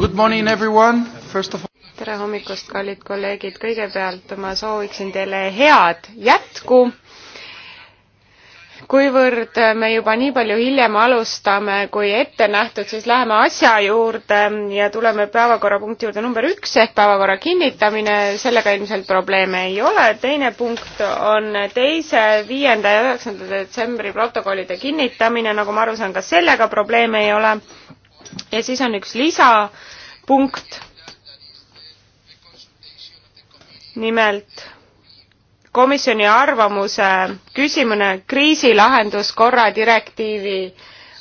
Good morning everyone, first of all tere hommikust, kallid kolleegid, kõigepealt ma sooviksin teile head jätku. kuivõrd me juba nii palju hiljem alustame kui ette nähtud, siis läheme asja juurde ja tuleme päevakorrapunkti juurde number üks ehk päevakorra kinnitamine, sellega ilmselt probleeme ei ole. teine punkt on teise, viienda ja üheksanda detsembri protokollide kinnitamine, nagu ma aru saan, ka sellega probleeme ei ole ja siis on üks lisapunkt. nimelt komisjoni arvamuse küsimine kriisilahenduskorra direktiivi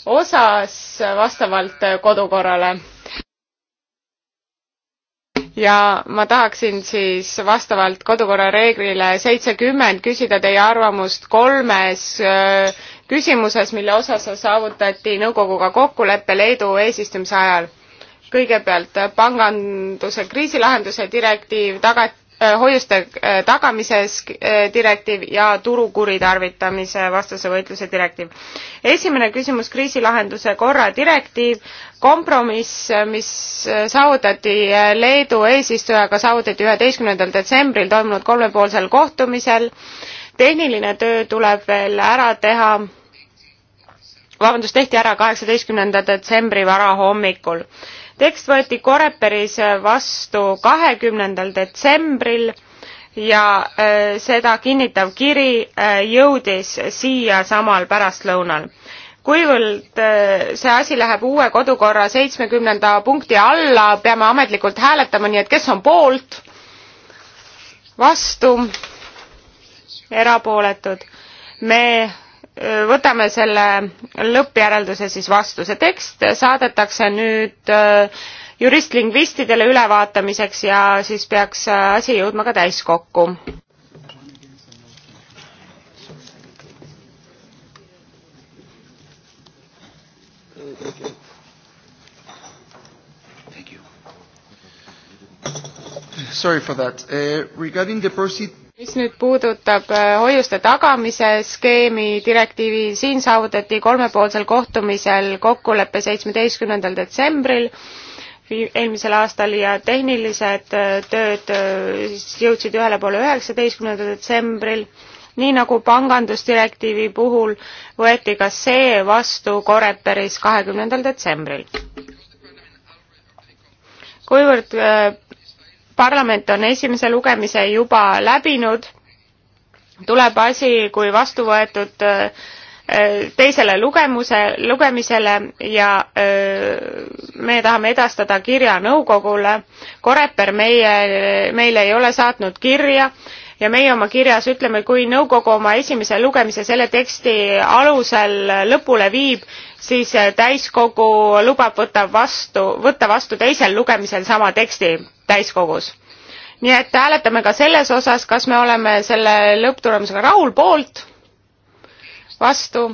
osas vastavalt kodukorrale. ja ma tahaksin siis vastavalt kodukorra reeglile seitsekümmend küsida teie arvamust kolmes äh, küsimuses, mille osas saavutati nõukoguga kokkulepe Leedu eesistumise ajal. kõigepealt panganduse kriisilahenduse direktiiv, taga-, äh, hoiuste äh, tagamises äh, direktiiv ja turu kuritarvitamise vastase võitluse direktiiv. esimene küsimus, kriisilahenduse korra direktiiv, kompromiss, mis saavutati Leedu eesistujaga, saavutati üheteistkümnendal detsembril toimunud kolmepoolsel kohtumisel tehniline töö tuleb veel ära teha, vabandust, tehti ära kaheksateistkümnenda detsembri varahommikul. tekst võeti Koreperis vastu kahekümnendal detsembril ja äh, seda kinnitav kiri äh, jõudis siia samal pärastlõunal kuivõrd äh, see asi läheb uue kodukorra seitsmekümnenda punkti alla, peame ametlikult hääletama, nii et kes on poolt, vastu, erapooletud. me võtame selle lõppjärelduse siis vastu. see tekst saadetakse nüüd juristlingvistidele ülevaatamiseks ja siis peaks asi jõudma ka täiskokku. Sorry for that. Uh, regarding the proceed mis nüüd puudutab äh, hoiuste tagamise skeemi direktiivi, siin saavutati kolmepoolsel kohtumisel kokkulepe seitsmeteistkümnendal detsembril eelmisel aastal ja tehnilised äh, tööd äh, siis jõudsid ühele poole üheksateistkümnendal detsembril. nii nagu pangandusdirektiivi puhul võeti ka see vastu Coreperis kahekümnendal detsembril. kuivõrd parlament on esimese lugemise juba läbinud, tuleb asi, kui vastu võetud äh, teisele lugemuse, lugemisele ja öö, äh, me tahame edastada kirja nõukogule. Koreper meie, meile ei ole saatnud kirja ja meie oma kirjas ütleme, kui nõukogu oma esimese lugemise selle teksti alusel lõpule viib, siis täiskogu lubab võtta vastu, võtta vastu teisel lugemisel sama teksti täiskogus nii et hääletame ka selles osas, kas me oleme selle lõpptulemusega rahul, poolt, vastu,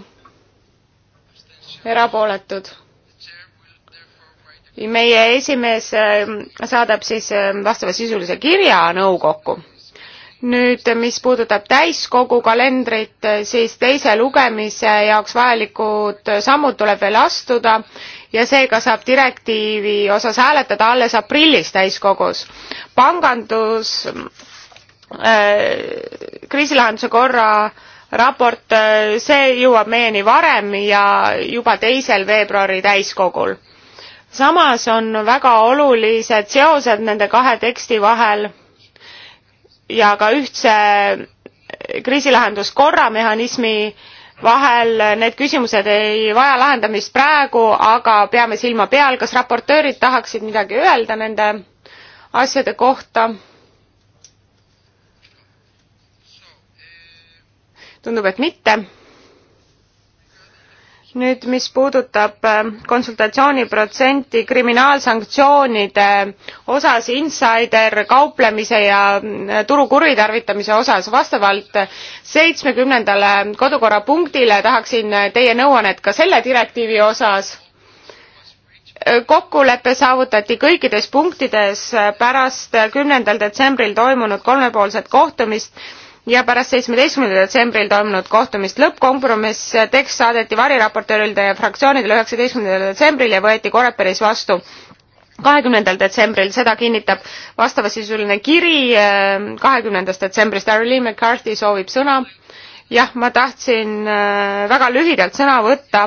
erapooletud. meie esimees äh, saadab siis äh, vastavasisulise kirja nõukokku nüüd, mis puudutab täiskogu kalendrit, siis teise lugemise jaoks vajalikud sammud tuleb veel astuda ja seega saab direktiivi osas hääletada alles aprillis täiskogus. pangandus äh, kriisilahenduse korra raport, äh, see jõuab meieni varem ja juba teisel veebruari täiskogul. samas on väga olulised seosed nende kahe teksti vahel ja ka ühtse kriisilahenduskorra mehhanismi vahel need küsimused ei vaja lahendamist praegu, aga peame silma peal, kas raportöörid tahaksid midagi öelda nende asjade kohta? tundub, et mitte nüüd, mis puudutab äh, konsultatsiooniprotsenti kriminaalsanktsioonide osas, insider kauplemise ja äh, turu kuritarvitamise osas, vastavalt seitsmekümnendale kodukorrapunktile tahaksin teie nõuannet ka selle direktiivi osas. Äh, kokkulepe saavutati kõikides punktides pärast kümnendal detsembril toimunud kolmepoolset kohtumist ja pärast seitsmeteistkümnendal detsembril toimunud kohtumist lõppkompromiss tekst saadeti variraportööride ja fraktsioonidele üheksateistkümnendal detsembril ja võeti coreperis vastu kahekümnendal detsembril seda kinnitab vastavasisuline kiri kahekümnendast detsembrist Arlene McCarthy soovib sõna jah ma tahtsin äh, väga lühidalt sõna võtta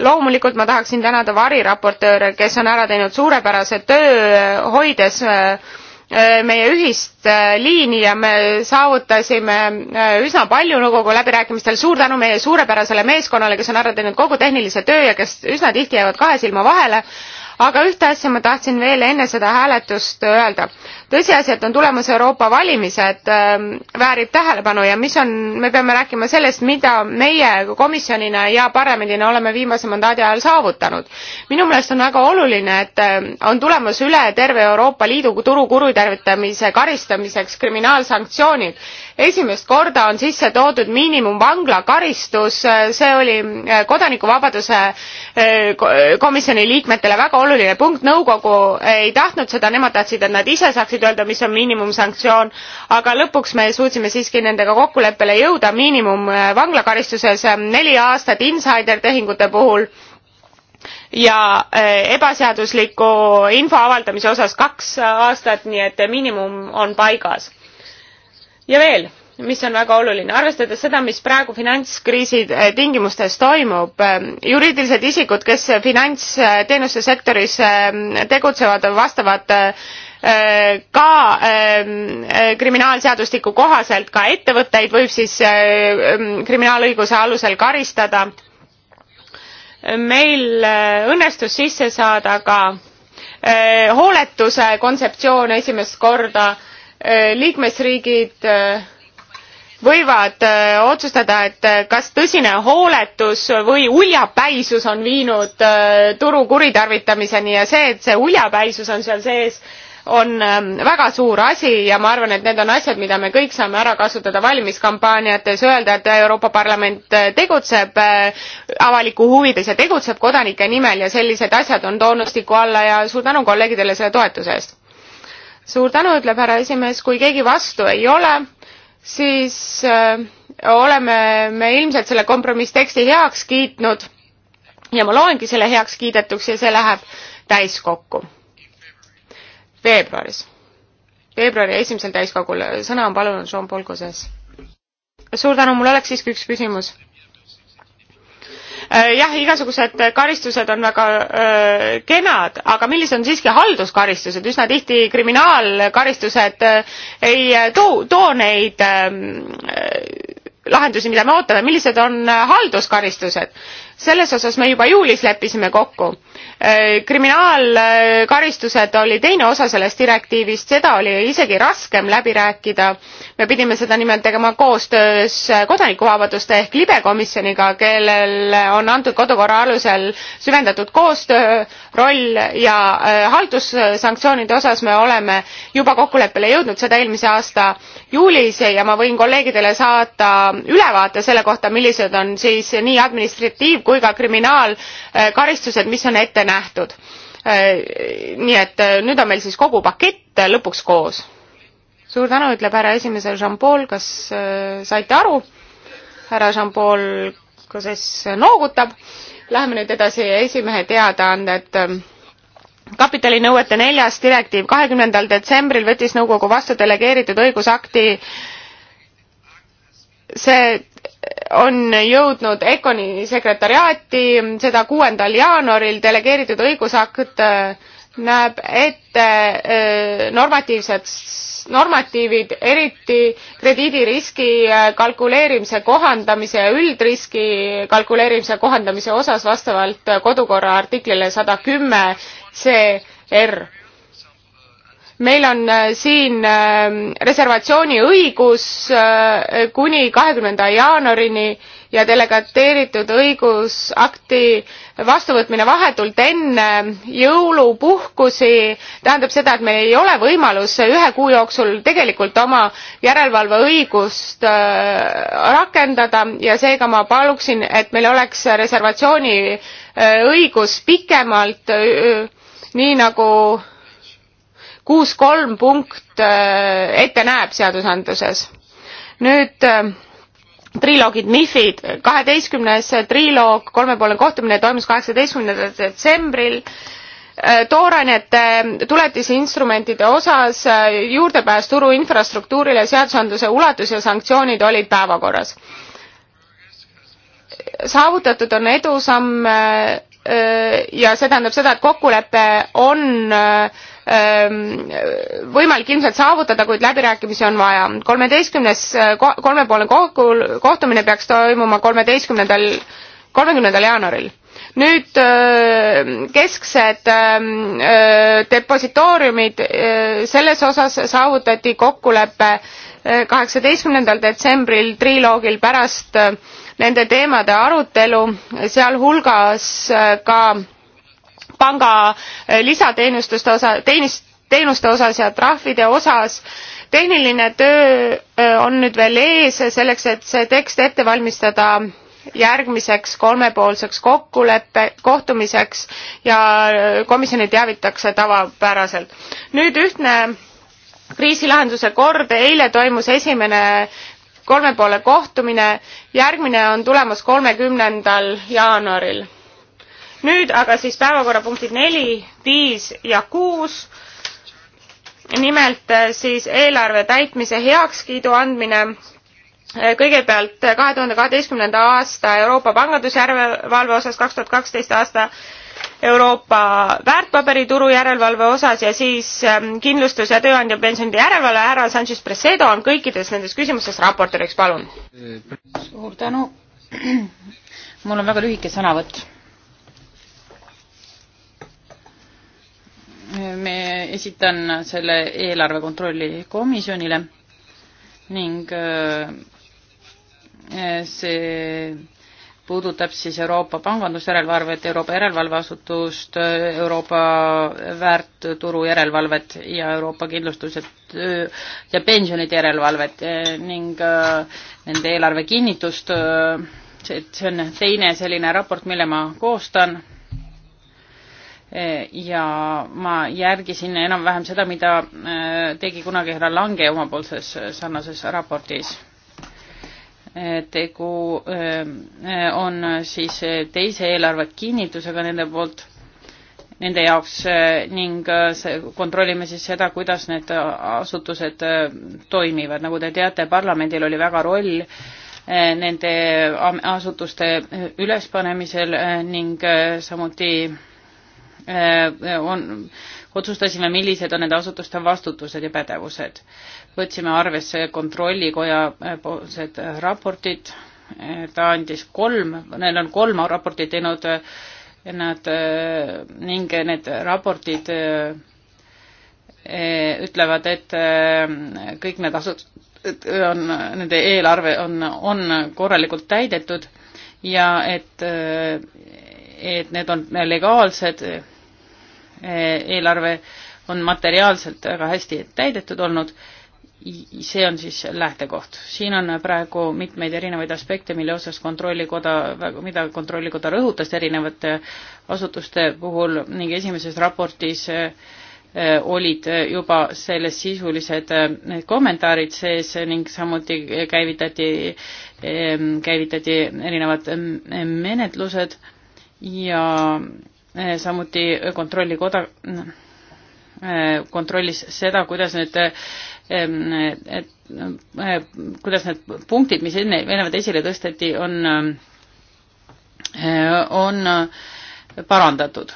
loomulikult ma tahaksin tänada variraportööre kes on ära teinud suurepärase töö äh, hoides äh, Äh, meie ühist äh, liini ja me saavutasime äh, üsna palju nõukogu läbirääkimistel. suur tänu meie suurepärasele meeskonnale, kes on ära teinud kogu tehnilise töö ja kes üsna tihti jäävad kahe silma vahele aga ühte asja ma tahtsin veel enne seda hääletust öelda. tõsiasi, et on tulemas Euroopa valimised, ähm, väärib tähelepanu ja mis on, me peame rääkima sellest, mida meie komisjonina ja parlamendina oleme viimase mandaadi ajal saavutanud. minu meelest on väga oluline, et ähm, on tulemas üle terve Euroopa Liidu turu kuritarvitamise karistamiseks kriminaalsanktsioonid. esimest korda on sisse toodud miinimumvangla karistus, see oli äh, kodanikuvabaduse äh, komisjoni liikmetele väga oluline oluline punkt nõukogu ei tahtnud seda nemad tahtsid et nad ise saaksid öelda mis on miinimumsanktsioon aga lõpuks me suutsime siiski nendega kokkuleppele jõuda miinimum äh, vanglakaristuses äh, neli aastat insaidertehingute puhul ja äh, ebaseadusliku info avaldamise osas kaks aastat nii et miinimum on paigas ja veel mis on väga oluline. arvestades seda, mis praegu finantskriisi äh, tingimustes toimub, äh, juriidilised isikud, kes finantsteenuste sektoris äh, tegutsevad, vastavad ka kriminaalseadustiku kohaselt ka ettevõtteid võib siis ähm, kriminaalõiguse alusel karistada. meil õnnestus sisse saada ka hooletuse kontseptsioon esimest korda liikmesriigid võivad äh, otsustada, et äh, kas tõsine hooletus või uljapäisus on viinud äh, turu kuritarvitamiseni ja see, et see uljapäisus on seal sees, on ähm, väga suur asi ja ma arvan, et need on asjad, mida me kõik saame ära kasutada valimiskampaaniates, öelda, et Euroopa Parlament tegutseb avaliku huvides ja tegutseb kodanike nimel ja sellised asjad on toonustiku alla ja suur tänu kolleegidele selle toetuse eest. suur tänu, ütleb härra esimees, kui keegi vastu ei ole siis äh, oleme me ilmselt selle kompromissteksti heaks kiitnud ja ma loengi selle heaks kiidetuks ja see läheb täiskokku veebruaris. veebruari esimesel täiskogul, sõna on palunud Jean-Paul Gosses. suur tänu, mul oleks siiski üks küsimus Äh, jah, igasugused karistused on väga öö, äh, kenad, aga millised on siiski halduskaristused, üsna tihti kriminaalkaristused äh, ei too, too neid öö, ähm, lahendusi, mida me ootame, millised on halduskaristused? selles osas me juba juulis leppisime kokku. Äh, kriminaalkaristused oli teine osa sellest direktiivist, seda oli isegi raskem läbi rääkida. me pidime seda nimelt tegema koostöös kodanikuvabaduste ehk libe komisjoniga, kellel on antud kodukorra alusel süvendatud koostöö roll ja äh, haldussanktsioonide osas me oleme juba kokkuleppele jõudnud, seda eelmise aasta juulis ja ma võin kolleegidele saata ülevaate selle kohta, millised on siis nii administratiiv kui ka kriminaalkaristused, mis on ette nähtud. Äh, nii et äh, nüüd on meil siis kogu pakett äh, lõpuks koos. suur tänu, ütleb härra esimees Jean-Paul, kas saite aru? härra Jean-Paul Koses noogutab. Läheme nüüd edasi esimehe teadaanded kapitalinõuete neljas direktiiv kahekümnendal detsembril võttis nõukogu vastu delegeeritud õigusakti see on jõudnud ECONi sekretariaati, seda kuuendal jaanuaril delegeeritud õigusakt äh, näeb ette äh, normatiivsed, normatiivid, eriti krediidiriski äh, kalkuleerimise kohandamise ja üldriski kalkuleerimise kohandamise osas vastavalt kodukorra artiklile sada kümme CR meil on äh, siin äh, reservatsiooniõigus äh, kuni kahekümnenda jaanuarini ja delegateeritud õigusakti vastuvõtmine vahetult enne jõulupuhkusi tähendab seda et meil ei ole võimalus ühe kuu jooksul tegelikult oma järelevalveõigust rakendada ja seega ma paluksin et meil oleks reservatsiooniõigus pikemalt nii nagu kuus kolm punkt äh, ette näeb seadusandluses. nüüd äh, triloogid MIFID, kaheteistkümnes triloog, kolmepoolne kohtumine toimus kaheksateistkümnendal detsembril äh, toorainete tuletisinstrumentide osas juurdepääs turu infrastruktuurile seadusandluse ulatus ja sanktsioonid olid päevakorras saavutatud on edusamm ja see tähendab seda, et kokkulepe on võimalik ilmselt saavutada, kuid läbirääkimisi on vaja. kolmeteistkümnes, kolmepoolne kokku, kohtumine peaks toimuma kolmeteistkümnendal, kolmekümnendal jaanuaril nüüd kesksed depositooriumid, selles osas saavutati kokkulepe kaheksateistkümnendal detsembril triloogil pärast nende teemade arutelu, sealhulgas äh, ka panga äh, lisateenustuste osa, teenist, teenuste osas ja trahvide osas. tehniline töö äh, on nüüd veel ees selleks, et see tekst ette valmistada järgmiseks kolmepoolseks kokkuleppe, kohtumiseks ja komisjoni teavitakse tavapäraselt. nüüd ühtne kriisilahenduse kord, eile toimus esimene kolme poole kohtumine, järgmine on tulemas kolmekümnendal jaanuaril. nüüd aga siis päevakorrapunktid neli, viis ja kuus. nimelt eh, siis eelarve täitmise heakskiidu andmine eh, kõigepealt kahe tuhande kaheteistkümnenda aasta Euroopa pangandusjärelevalve osas kaks tuhat kaksteist aasta Euroopa väärtpaberituru järelevalve osas ja siis ähm, kindlustus- ja tööandjapensionide järelevalve, härra Sanchez Presedo on kõikides nendes küsimustes raportööriks, palun. suur tänu. mul on väga lühike sõnavõtt. me esitan selle eelarve kontrolli komisjonile ning äh, see puudutab siis Euroopa pangandusjärelevalvet, Euroopa järelevalveasutust, Euroopa väärtturu järelevalvet ja Euroopa kindlustused ja pensionide järelevalvet eh, ning eh, nende eelarve kinnitust. et eh, see on teine selline raport, mille ma koostan. ja ma järgisin enam-vähem seda, mida tegi kunagi härra Lange omapoolses sarnases raportis tegu ähm, äh, on siis äh, teise eelarve kinnitusega nende poolt, nende jaoks äh, ning kontrollime siis seda, kuidas need asutused toimivad. nagu te teate, parlamendil oli väga roll nende asutuste ülespanemisel ning samuti Äh, äh, on, otsustasime, millised on nende asutuste vastutused ja pädevused. võtsime arvesse kontrollikoja äh, poolsed raportid, ta andis kolm, neil on kolm raportit teinud nad ning need raportid ütlevad, et kõik need asutused on, nende eelarve on, on korralikult täidetud ja et, et need on legaalsed Eh, eelarve on materiaalselt väga hästi täidetud olnud, see on siis lähtekoht. siin on praegu mitmeid erinevaid aspekte, mille osas Kontrollikoda, mida Kontrollikoda rõhutas erinevate asutuste puhul ning esimeses raportis eh, olid juba selles sisulised eh, kommentaarid sees ning samuti käivitati, käivitati erinevad mm, menetlused ja Eh, samuti kontrollikoda eh, kontrollis seda, kuidas need, eh, kuidas need punktid, mis enne eelnevalt esile tõsteti, on, on parandatud.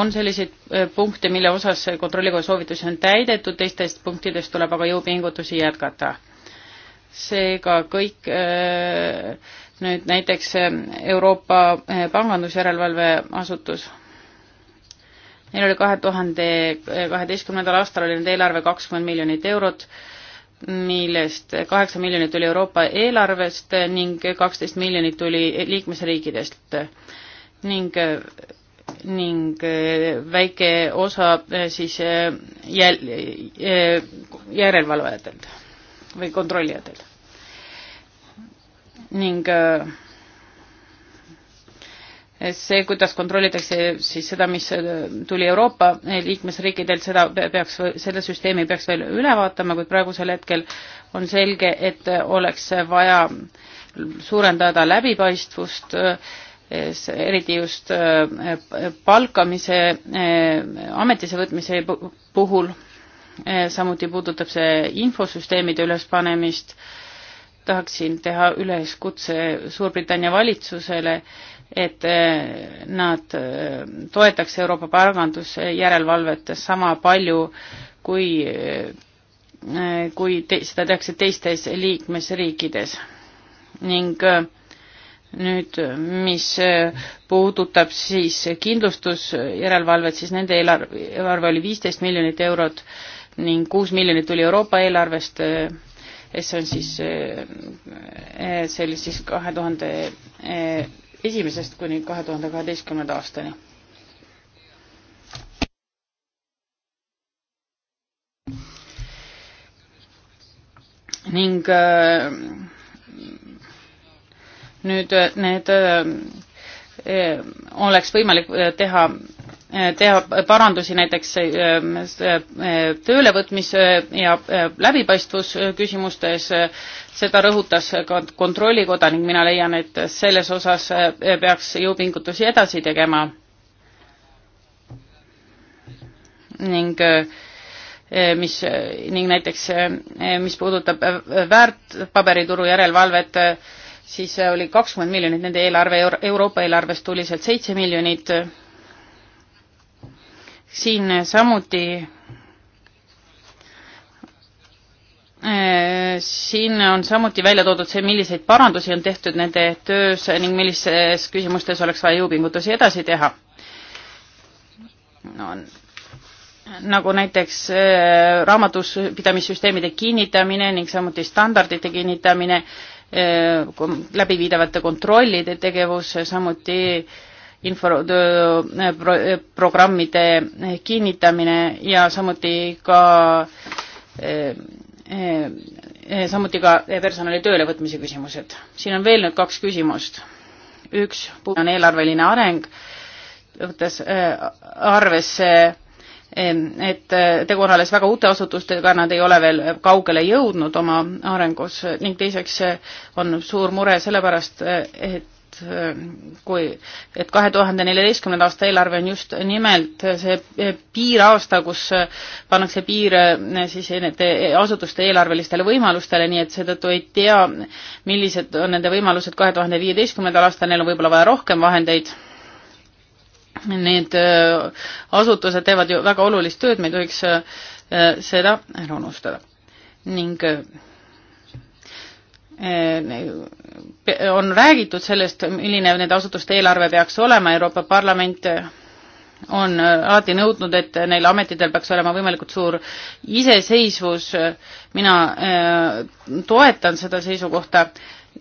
on selliseid punkte, mille osas kontrollikoja soovitusi on täidetud, teistest punktidest tuleb aga jõupingutusi jätkata. seega kõik öö, nüüd näiteks eh, Euroopa eh, Pangandusjärelevalve Asutus. Neil oli kahe tuhande eh, kaheteistkümnendal aastal oli nende eelarve kakskümmend miljonit eurot, millest kaheksa miljonit tuli Euroopa eelarvest ning kaksteist miljonit tuli liikmesriikidest ning, ning väike osa siis jäl-, järelevalvajatelt või kontrollijatelt ning äh, see, kuidas kontrollitakse siis seda, mis äh, tuli Euroopa eh, liikmesriikidelt, seda peaks, selle süsteemi peaks veel üle vaatama, kuid praegusel hetkel on selge, et äh, oleks vaja suurendada läbipaistvust, eriti just palkamise, ametisse võtmise puhul, samuti puudutab see infosüsteemide ülespanemist tahaksin teha üleskutse Suurbritannia valitsusele, et eh, nad eh, toetaks Euroopa pangandusjärelevalvet sama palju kui, eh, kui te, seda tehakse teistes liikmesriikides. ning nüüd, mis puudutab siis kindlustusjärelevalvet, siis nende eelarve, eelarve oli viisteist miljonit eurot ning kuus miljonit tuli Euroopa eelarvest see on siis, äh, äh, see oli siis kahe tuhande äh, esimesest kuni kahe tuhande kaheteistkümnenda aastani. ning nüüd need oleks võimalik teha Eh, teha parandusi näiteks eh, eh, töölevõtmise ja läbipaistvus küsimustes, seda rõhutas ka Kontrollikoda ning mina leian, et selles osas peaks jõupingutusi edasi tegema. ning mis, ning näiteks mis puudutab väärtpaberituru järelevalvet, siis oli kakskümmend miljonit nende eelarve, Euroopa eelarvest tuli sealt seitse miljonit siin samuti äh, siin on samuti välja toodud see, milliseid parandusi on tehtud nende töös ning millistes küsimustes oleks vaja jõupingutusi edasi teha no,. nagu näiteks äh, raamatupidamissüsteemide kinnitamine ning samuti standardite kinnitamine, äh, läbiviidavate kontrollide tegevus, samuti äh, info-, pro, programmide kinnitamine ja samuti ka eh, eh, samuti ka personali töölevõtmise küsimused. siin on veel nüüd kaks küsimust. üks on eelarveline areng, võttes eh, arvesse, et tegu on alles väga uute asutustega, nad ei ole veel kaugele jõudnud oma arengus ning teiseks on suur mure sellepärast, et et äh, kui, et kahe tuhande neljateistkümnenda aasta eelarve on just nimelt see äh, piiraasta, kus äh, pannakse piir siis nende asutuste eelarvelistele võimalustele, nii et seetõttu ei tea, millised on nende võimalused kahe tuhande viieteistkümnendal aastal, neil on võib-olla vaja rohkem vahendeid. Need asutused teevad ju väga olulist tööd, me ei tohiks seda ära unustada. ning Äh, on räägitud sellest, milline nende asutuste eelarve peaks olema, Euroopa Parlament on äh, alati nõudnud, et neil ametitel peaks olema võimalikult suur iseseisvus, mina äh, toetan seda seisukohta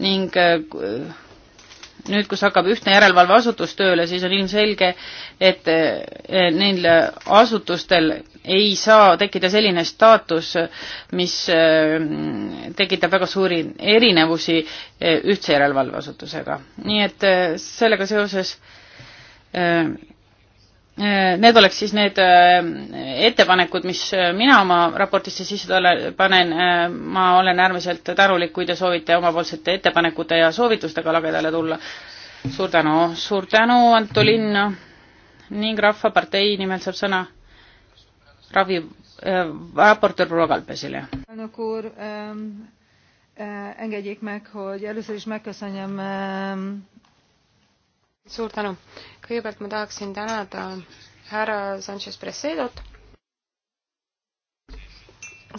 ning nüüd, kus hakkab ühtne järelevalveasutus tööle, siis on ilmselge, et eh, neil asutustel ei saa tekkida selline staatus, mis eh, tekitab väga suuri erinevusi eh, ühtse järelevalveasutusega. nii et sellega seoses Äh, need oleks siis need äh, ettepanekud, mis äh, mina oma raportisse sisse panen. ma olen äärmiselt tänulik, kui te soovite omapoolsete ettepanekute ja soovitustega lagedale tulla. suur tänu, suur tänu, Anto Linn ning Rahvapartei nimel saab sõna ravi äh,, raportöör proua Kalpesile. nagu ähm, äh, e, engedjik meg, hogy először is megköszönjem ähm, suur tänu. kõigepealt ma tahaksin tänada härra Sanchez Presedot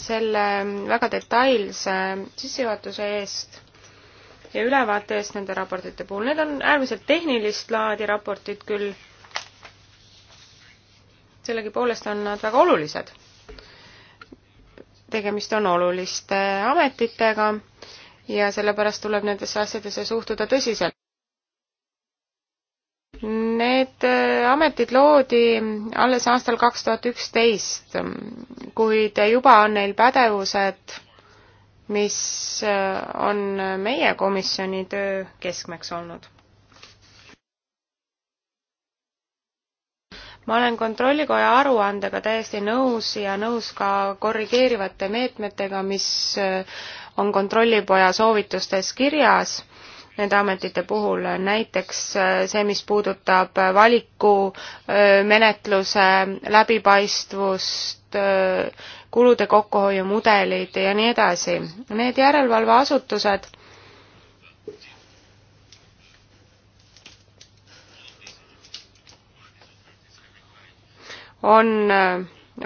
selle väga detailse sissejuhatuse eest ja ülevaate eest nende raportite puhul. Need on äärmiselt tehnilist laadi raportid küll, sellegipoolest on nad väga olulised. tegemist on oluliste ametitega ja sellepärast tuleb nendesse asjadesse suhtuda tõsiselt. Need äh, ametid loodi alles aastal kaks tuhat üksteist, kuid juba on neil pädevused, mis äh, on meie komisjoni töö keskmeks olnud. ma olen Kontrollikoja aruandega täiesti nõus ja nõus ka korrigeerivate meetmetega, mis äh, on Kontrollipoja soovitustes kirjas nende ametite puhul, näiteks äh, see, mis puudutab äh, valikumenetluse äh, läbipaistvust, kulude kokkuhoiumudelid ja nii edasi. Need järelevalveasutused on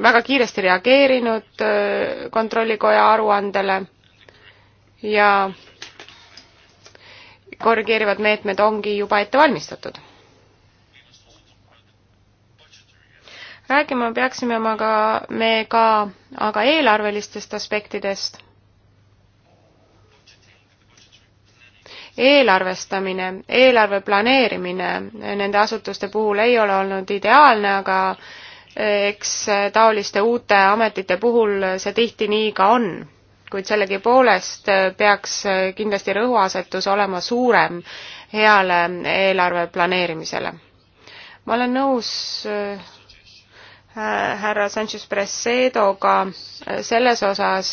väga kiiresti reageerinud kontrollikoja aruandele ja korrigeerivad meetmed ongi juba ette valmistatud. räägima peaksime ma ka, me ka aga eelarvelistest aspektidest. eelarvestamine, eelarve planeerimine nende asutuste puhul ei ole olnud ideaalne, aga eks taoliste uute ametite puhul see tihti nii ka on kuid sellegipoolest äh, peaks äh, kindlasti rõhuasetus olema suurem heale eelarve planeerimisele. ma olen nõus äh, härra Sanchez Presedoga selles osas,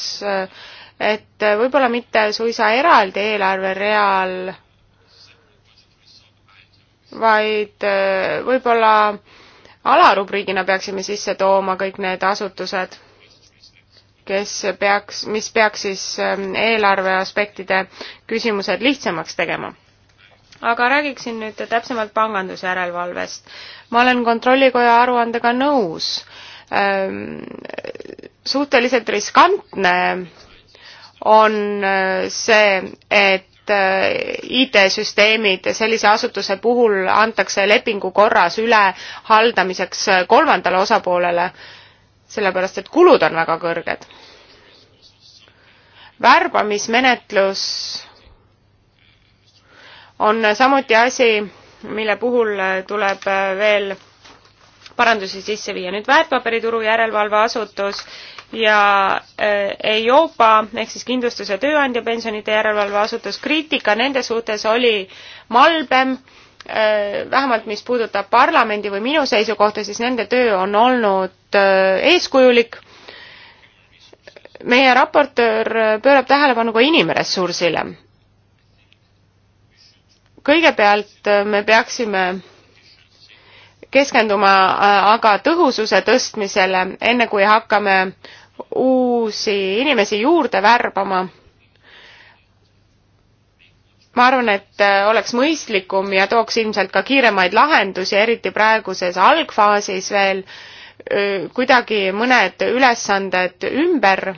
et võib-olla mitte suisa eraldi eelarvereal, vaid võib-olla alarubriigina peaksime sisse tooma kõik need asutused kes peaks, mis peaks siis ähm, eelarve aspektide küsimused lihtsamaks tegema. aga räägiksin nüüd täpsemalt pangandusjärelevalvest. ma olen Kontrollikoja aruandega nõus. Ähm, suhteliselt riskantne on äh, see, et äh, IT-süsteemid sellise asutuse puhul antakse lepingu korras üle haldamiseks äh, kolmandale osapoolele sellepärast et kulud on väga kõrged. värbamismenetlus on samuti asi, mille puhul tuleb veel parandusi sisse viia. nüüd väärtpaberituru järelevalveasutus ja eh, EIOPA ehk siis kindlustuse tööandja pensionide järelevalveasutus, kriitika nende suhtes oli malbem äh, Äh, vähemalt mis puudutab parlamendi või minu seisukohta, siis nende töö on olnud äh, eeskujulik. meie raportöör pöörab tähelepanu ka inimressursile. kõigepealt äh, me peaksime keskenduma aga tõhususe tõstmisele, enne kui hakkame uusi inimesi juurde värbama ma arvan, et äh, oleks mõistlikum ja tooks ilmselt ka kiiremaid lahendusi, eriti praeguses algfaasis veel, äh, kuidagi mõned ülesanded ümber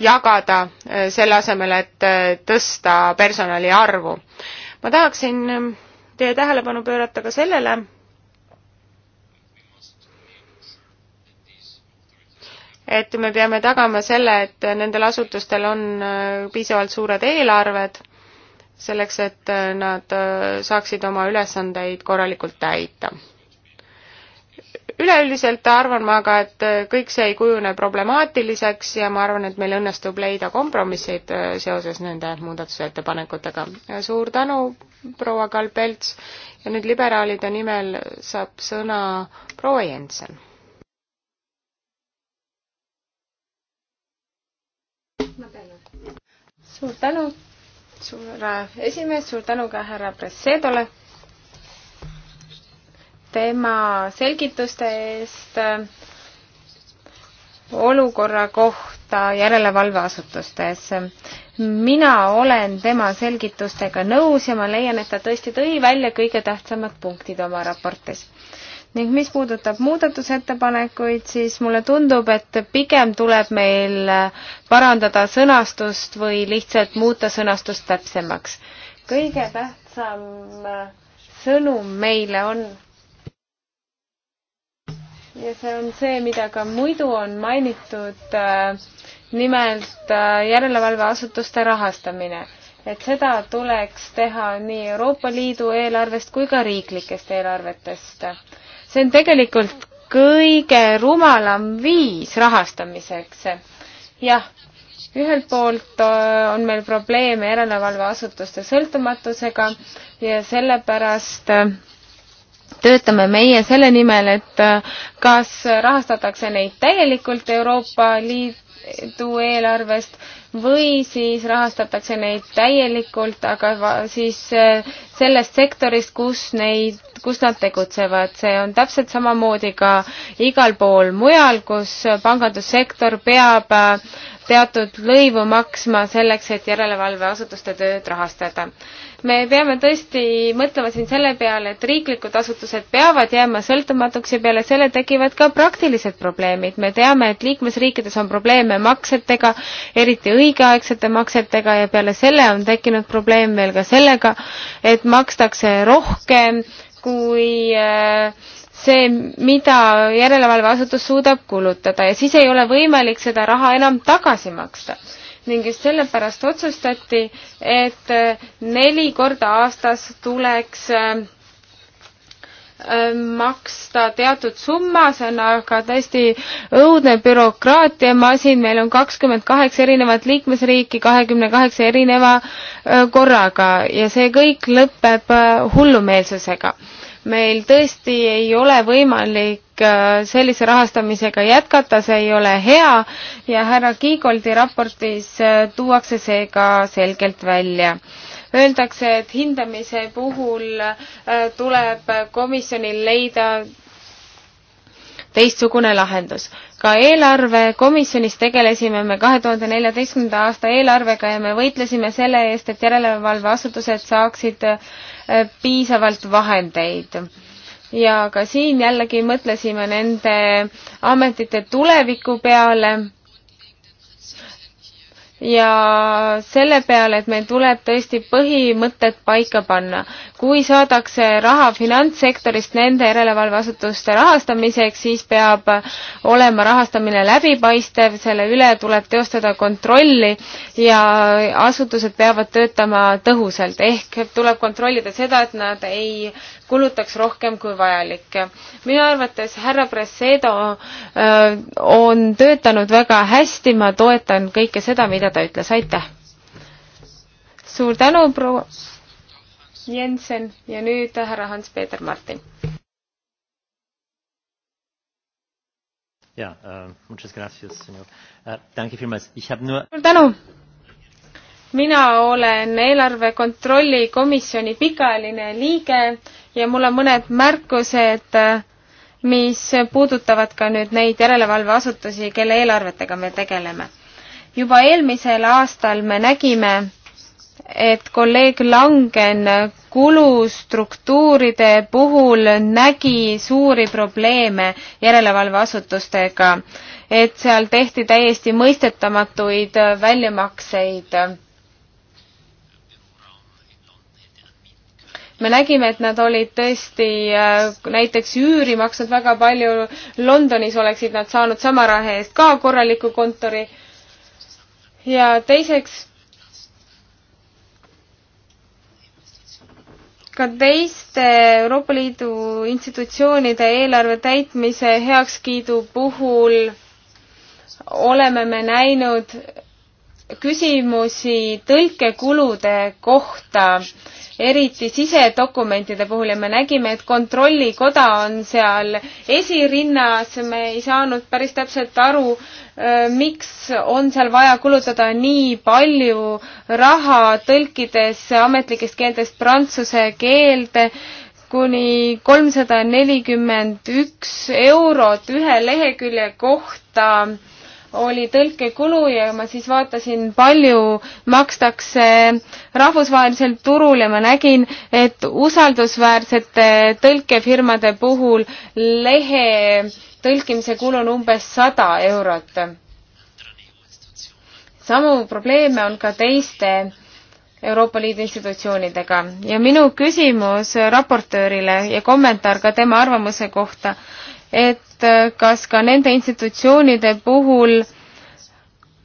jagada, äh, selle asemel, et tõsta personali arvu. ma tahaksin ähm, teie tähelepanu pöörata ka sellele, et me peame tagama selle, et nendel asutustel on piisavalt suured eelarved selleks, et äh, nad äh, saaksid oma ülesandeid korralikult täita. üleüldiselt arvan ma aga, et äh, kõik see ei kujune problemaatiliseks ja ma arvan, et meil õnnestub leida kompromissid seoses nende muudatusettepanekutega. suur tänu, proua Kalpelts ja nüüd liberaalide nimel saab sõna proua Jensen. suur tänu suur esimees, suur tänu ka härra Presedole tema selgituste eest äh, olukorra kohta järelevalveasutustes. mina olen tema selgitustega nõus ja ma leian, et ta tõesti tõi välja kõige tähtsamad punktid oma raportis ning mis puudutab muudatusettepanekuid, siis mulle tundub, et pigem tuleb meil äh, parandada sõnastust või lihtsalt muuta sõnastust täpsemaks. kõige tähtsam äh, sõnum meile on ja see on see, mida ka muidu on mainitud, äh, nimelt järelevalveasutuste rahastamine. et seda tuleks teha nii Euroopa Liidu eelarvest kui ka riiklikest eelarvetest see on tegelikult kõige rumalam viis rahastamiseks. jah, ühelt poolt äh, on meil probleeme järelevalveasutuste sõltumatusega ja sellepärast äh, töötame meie selle nimel, et äh, kas rahastatakse neid täielikult Euroopa Liit Liidu eelarvest või siis rahastatakse neid täielikult, aga siis äh, sellest sektorist, kus neid, kus nad tegutsevad. see on täpselt samamoodi ka igal pool mujal, kus pangandussektor peab äh, teatud lõivu maksma selleks, et järelevalveasutuste tööd rahastada. me peame tõesti mõtlema siin selle peale, et riiklikud asutused peavad jääma sõltumatuks ja peale selle tekivad ka praktilised probleemid. me teame, et liikmesriikides on probleeme maksetega, eriti õigeaegsete maksetega ja peale selle on tekkinud probleem veel ka sellega, et makstakse rohkem kui äh, see, mida järelevalveasutus suudab kulutada ja siis ei ole võimalik seda raha enam tagasi maksta. ning just sellepärast otsustati, et äh, neli korda aastas tuleks äh, äh, maksta teatud summa, see on aga tõesti õudne bürokraatiamasin, meil on kakskümmend kaheksa erinevat liikmesriiki kahekümne kaheksa erineva korraga ja see kõik lõpeb hullumeelsusega meil tõesti ei ole võimalik äh, sellise rahastamisega jätkata, see ei ole hea ja härra Kiigoldi raportis äh, tuuakse see ka selgelt välja. Öeldakse, et hindamise puhul äh, tuleb komisjonil leida teistsugune lahendus. ka eelarvekomisjonis tegelesime me kahe tuhande neljateistkümnenda aasta eelarvega ja me võitlesime selle eest, et järelevalveasutused saaksid piisavalt vahendeid ja ka siin jällegi mõtlesime nende ametite tuleviku peale ja selle peale, et meil tuleb tõesti põhimõtted paika panna. kui saadakse raha finantssektorist nende järelevalveasutuste rahastamiseks, siis peab olema rahastamine läbipaistev, selle üle tuleb teostada kontrolli ja asutused peavad töötama tõhusalt, ehk tuleb kontrollida seda, et nad ei kulutaks rohkem kui vajalik. minu arvates härra Presedo äh, on töötanud väga hästi, ma toetan kõike seda, mida ta ütles, aitäh! suur tänu, proua Jensen ja nüüd härra Hans-Peeter Martin. ja äh,, muchas gracias, senor äh,. Danke vielmals, ich habe nur. suur tänu! mina olen eelarve kontrolli komisjoni pikaajaline liige ja mul on mõned märkused, mis puudutavad ka nüüd neid järelevalveasutusi, kelle eelarvetega me tegeleme. juba eelmisel aastal me nägime, et kolleeg Langen kulustruktuuride puhul nägi suuri probleeme järelevalveasutustega, et seal tehti täiesti mõistetamatuid väljamakseid me nägime, et nad olid tõesti äh, näiteks üüri maksnud väga palju, Londonis oleksid nad saanud sama raha eest ka korraliku kontori. ja teiseks, ka teiste Euroopa Liidu institutsioonide eelarve täitmise heakskiidu puhul oleme me näinud, küsimusi tõlkekulude kohta, eriti sisedokumentide puhul ja me nägime, et Kontrollikoda on seal esirinnas, me ei saanud päris täpselt aru, miks on seal vaja kulutada nii palju raha tõlkides ametlikest keeltest prantsuse keelde kuni kolmsada nelikümmend üks eurot ühe lehekülje kohta äh, oli tõlkekulu ja ma siis vaatasin, palju makstakse rahvusvahelisel turul ja ma nägin, et usaldusväärsete tõlkefirmade puhul lehe tõlkimise kulu on umbes sada eurot. samu probleeme on ka teiste Euroopa Liidu institutsioonidega ja minu küsimus raportöörile ja kommentaar ka tema arvamuse kohta et äh, kas ka nende institutsioonide puhul,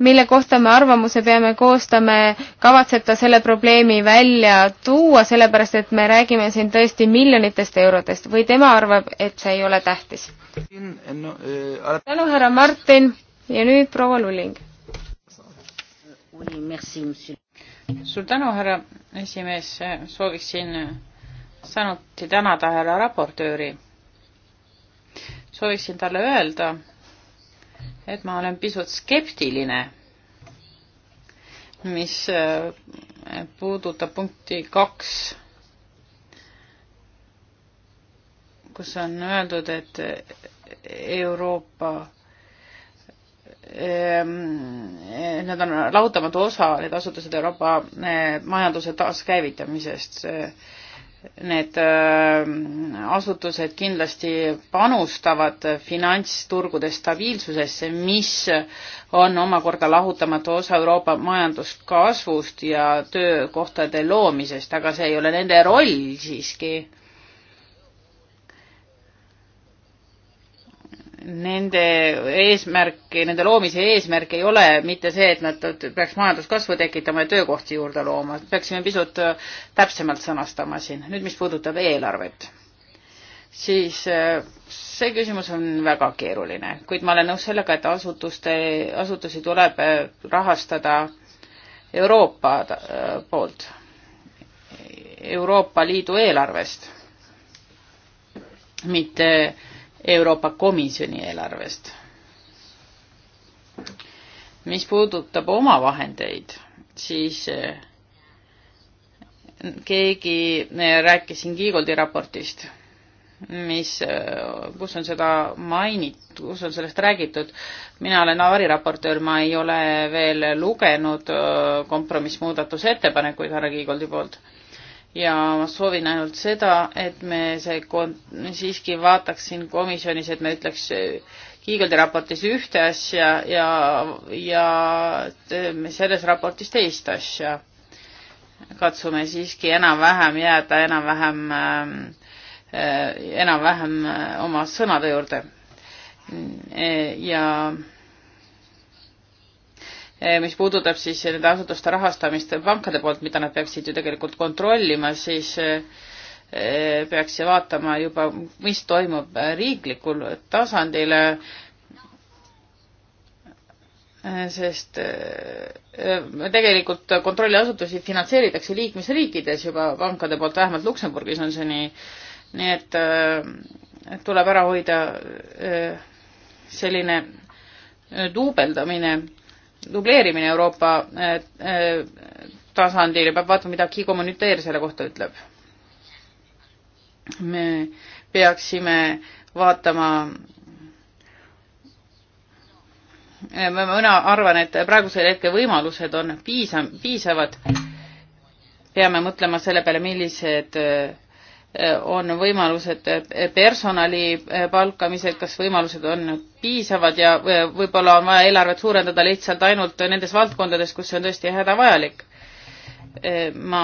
mille kohta me arvamuse peame koostama, kavatseta selle probleemi välja tuua, sellepärast et me räägime siin tõesti miljonitest eurodest või tema arvab, et see ei ole tähtis? tänu, härra Martin ja nüüd proua Lulling. suur tänu, härra esimees, sooviksin samuti tänada härra raportööri sooviksin talle öelda, et ma olen pisut skeptiline, mis äh, puudutab punkti kaks, kus on öeldud, et äh, Euroopa ähm, äh, Need on lahutamatu osa, need asutused Euroopa majanduse taaskäivitamisest need äh, asutused kindlasti panustavad finantsturgude stabiilsusesse, mis on omakorda lahutamatu osa Euroopa majanduskasvust ja töökohtade loomisest, aga see ei ole nende roll siiski nende eesmärk, nende loomise eesmärk ei ole mitte see, et nad peaks majanduskasvu tekitama ja töökohti juurde looma, peaksime pisut äh, täpsemalt sõnastama siin. nüüd, mis puudutab eelarvet, siis äh, see küsimus on väga keeruline, kuid ma olen nõus sellega, et asutuste, asutusi tuleb äh, rahastada Euroopa poolt, Euroopa Liidu eelarvest, mitte äh, Euroopa Komisjoni eelarvest. mis puudutab omavahendeid, siis eh, keegi eh, rääkis siin Kiigoldi raportist, mis, eh, kus on seda mainitud, kus on sellest räägitud. mina olen avariraportöör, ma ei ole veel lugenud kompromissmuudatusettepanekuid härra Kiigoldi poolt ja ma soovin ainult seda, et me see kon-, siiski vaataks siin komisjonis, et me ütleks äh, Kiigeldi raportis ühte asja ja, ja selles raportis teist asja. katsume siiski enam-vähem jääda enam-vähem, ähm, äh, enam-vähem äh, oma sõnade juurde. Mm, ja Eh, mis puudutab siis nende asutuste rahastamist pankade poolt, mida nad peaksid ju tegelikult kontrollima, siis eh, eh, peaks ju vaatama juba, mis toimub riiklikul tasandil, sest tegelikult kontrolliasutusi finantseeritakse liikmesriikides juba pankade poolt, vähemalt Luksemburgis on see nii, nii et tuleb ära hoida selline duubeldamine dubleerimine Euroopa äh, äh, tasandil ja peab vaatama, mida Kigo Moniteur selle kohta ütleb. me peaksime vaatama äh, mina arvan, et praegusel hetkel võimalused on piisa-, piisavad. peame mõtlema selle peale, millised äh, on võimalused personali palkamised, kas võimalused on piisavad ja võib-olla on vaja eelarvet suurendada lihtsalt ainult nendes valdkondades, kus see on tõesti hädavajalik. ma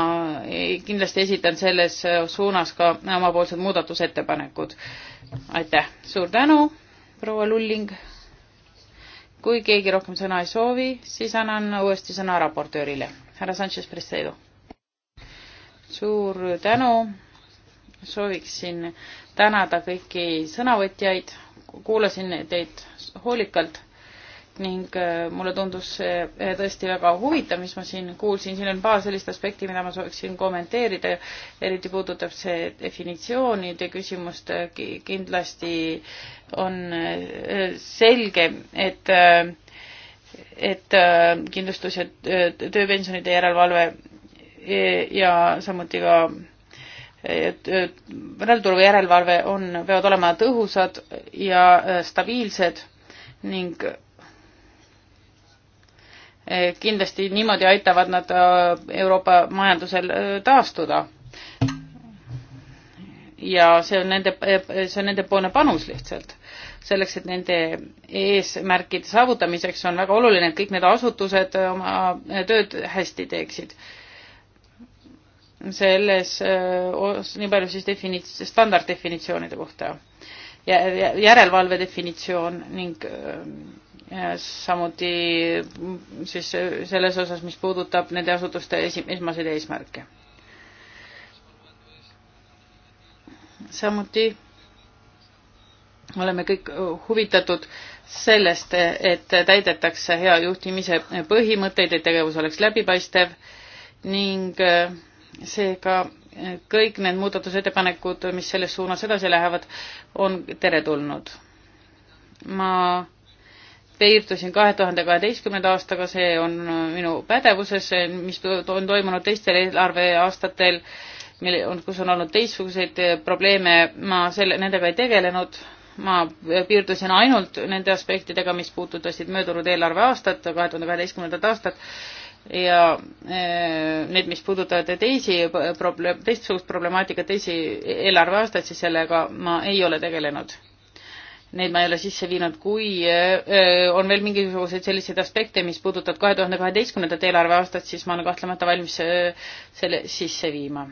kindlasti esitan selles suunas ka omapoolsed muudatusettepanekud. aitäh, suur tänu, proua Lulling. kui keegi rohkem sõna ei soovi, siis annan uuesti sõna raportöörile, härra Sanchez Presedo. suur tänu sooviksin tänada kõiki sõnavõtjaid, kuulasin teid hoolikalt ning äh, mulle tundus see äh, tõesti väga huvitav, mis ma siin kuulsin, siin on paar sellist aspekti, mida ma sooviksin kommenteerida, eriti puudutab see definitsioonide küsimust, äh, kindlasti on selge, et et kindlustus ja tööpensionide järelevalve ja samuti ka järelturu järelevalve on, peavad olema tõhusad ja äh, stabiilsed ning äh, kindlasti niimoodi aitavad nad äh, Euroopa majandusel taastuda. ja see on nende, see on nendepoolne panus lihtsalt. selleks, et nende eesmärkide saavutamiseks on väga oluline, et kõik need asutused oma tööd hästi teeksid selles os-, nii palju siis defini-, standarddefinitsioonide kohta. järelevalve definitsioon ning ja samuti siis selles osas, mis puudutab nende asutuste esi-, esmaseid eesmärke. samuti oleme kõik huvitatud sellest, et täidetakse hea juhtimise põhimõtteid, et tegevus oleks läbipaistev ning äh, seega eh, kõik need muudatusettepanekud, mis selles suunas edasi lähevad, on teretulnud. ma piirdusin kahe tuhande kaheteistkümnenda aastaga, see on eh, minu pädevuses, eh, mis on toimunud teistel eelarveaastatel, mil on, kus on olnud teistsuguseid probleeme, ma selle, nendega ei tegelenud, ma piirdusin ainult nende aspektidega, mis puudutasid möödunud eelarveaastat, kahe tuhande kaheteistkümnendat aastat, ja eh, need, mis puudutavad teisi probleem, teistsugust problemaatikat, teisi eelarveaastaid, siis sellega ma ei ole tegelenud. Neid ma ei ole sisse viinud, kui eh, eh, on veel mingisuguseid selliseid aspekte, mis puudutavad kahe tuhande kaheteistkümnendat eelarveaastat, siis ma olen kahtlemata valmis selle sisse viima.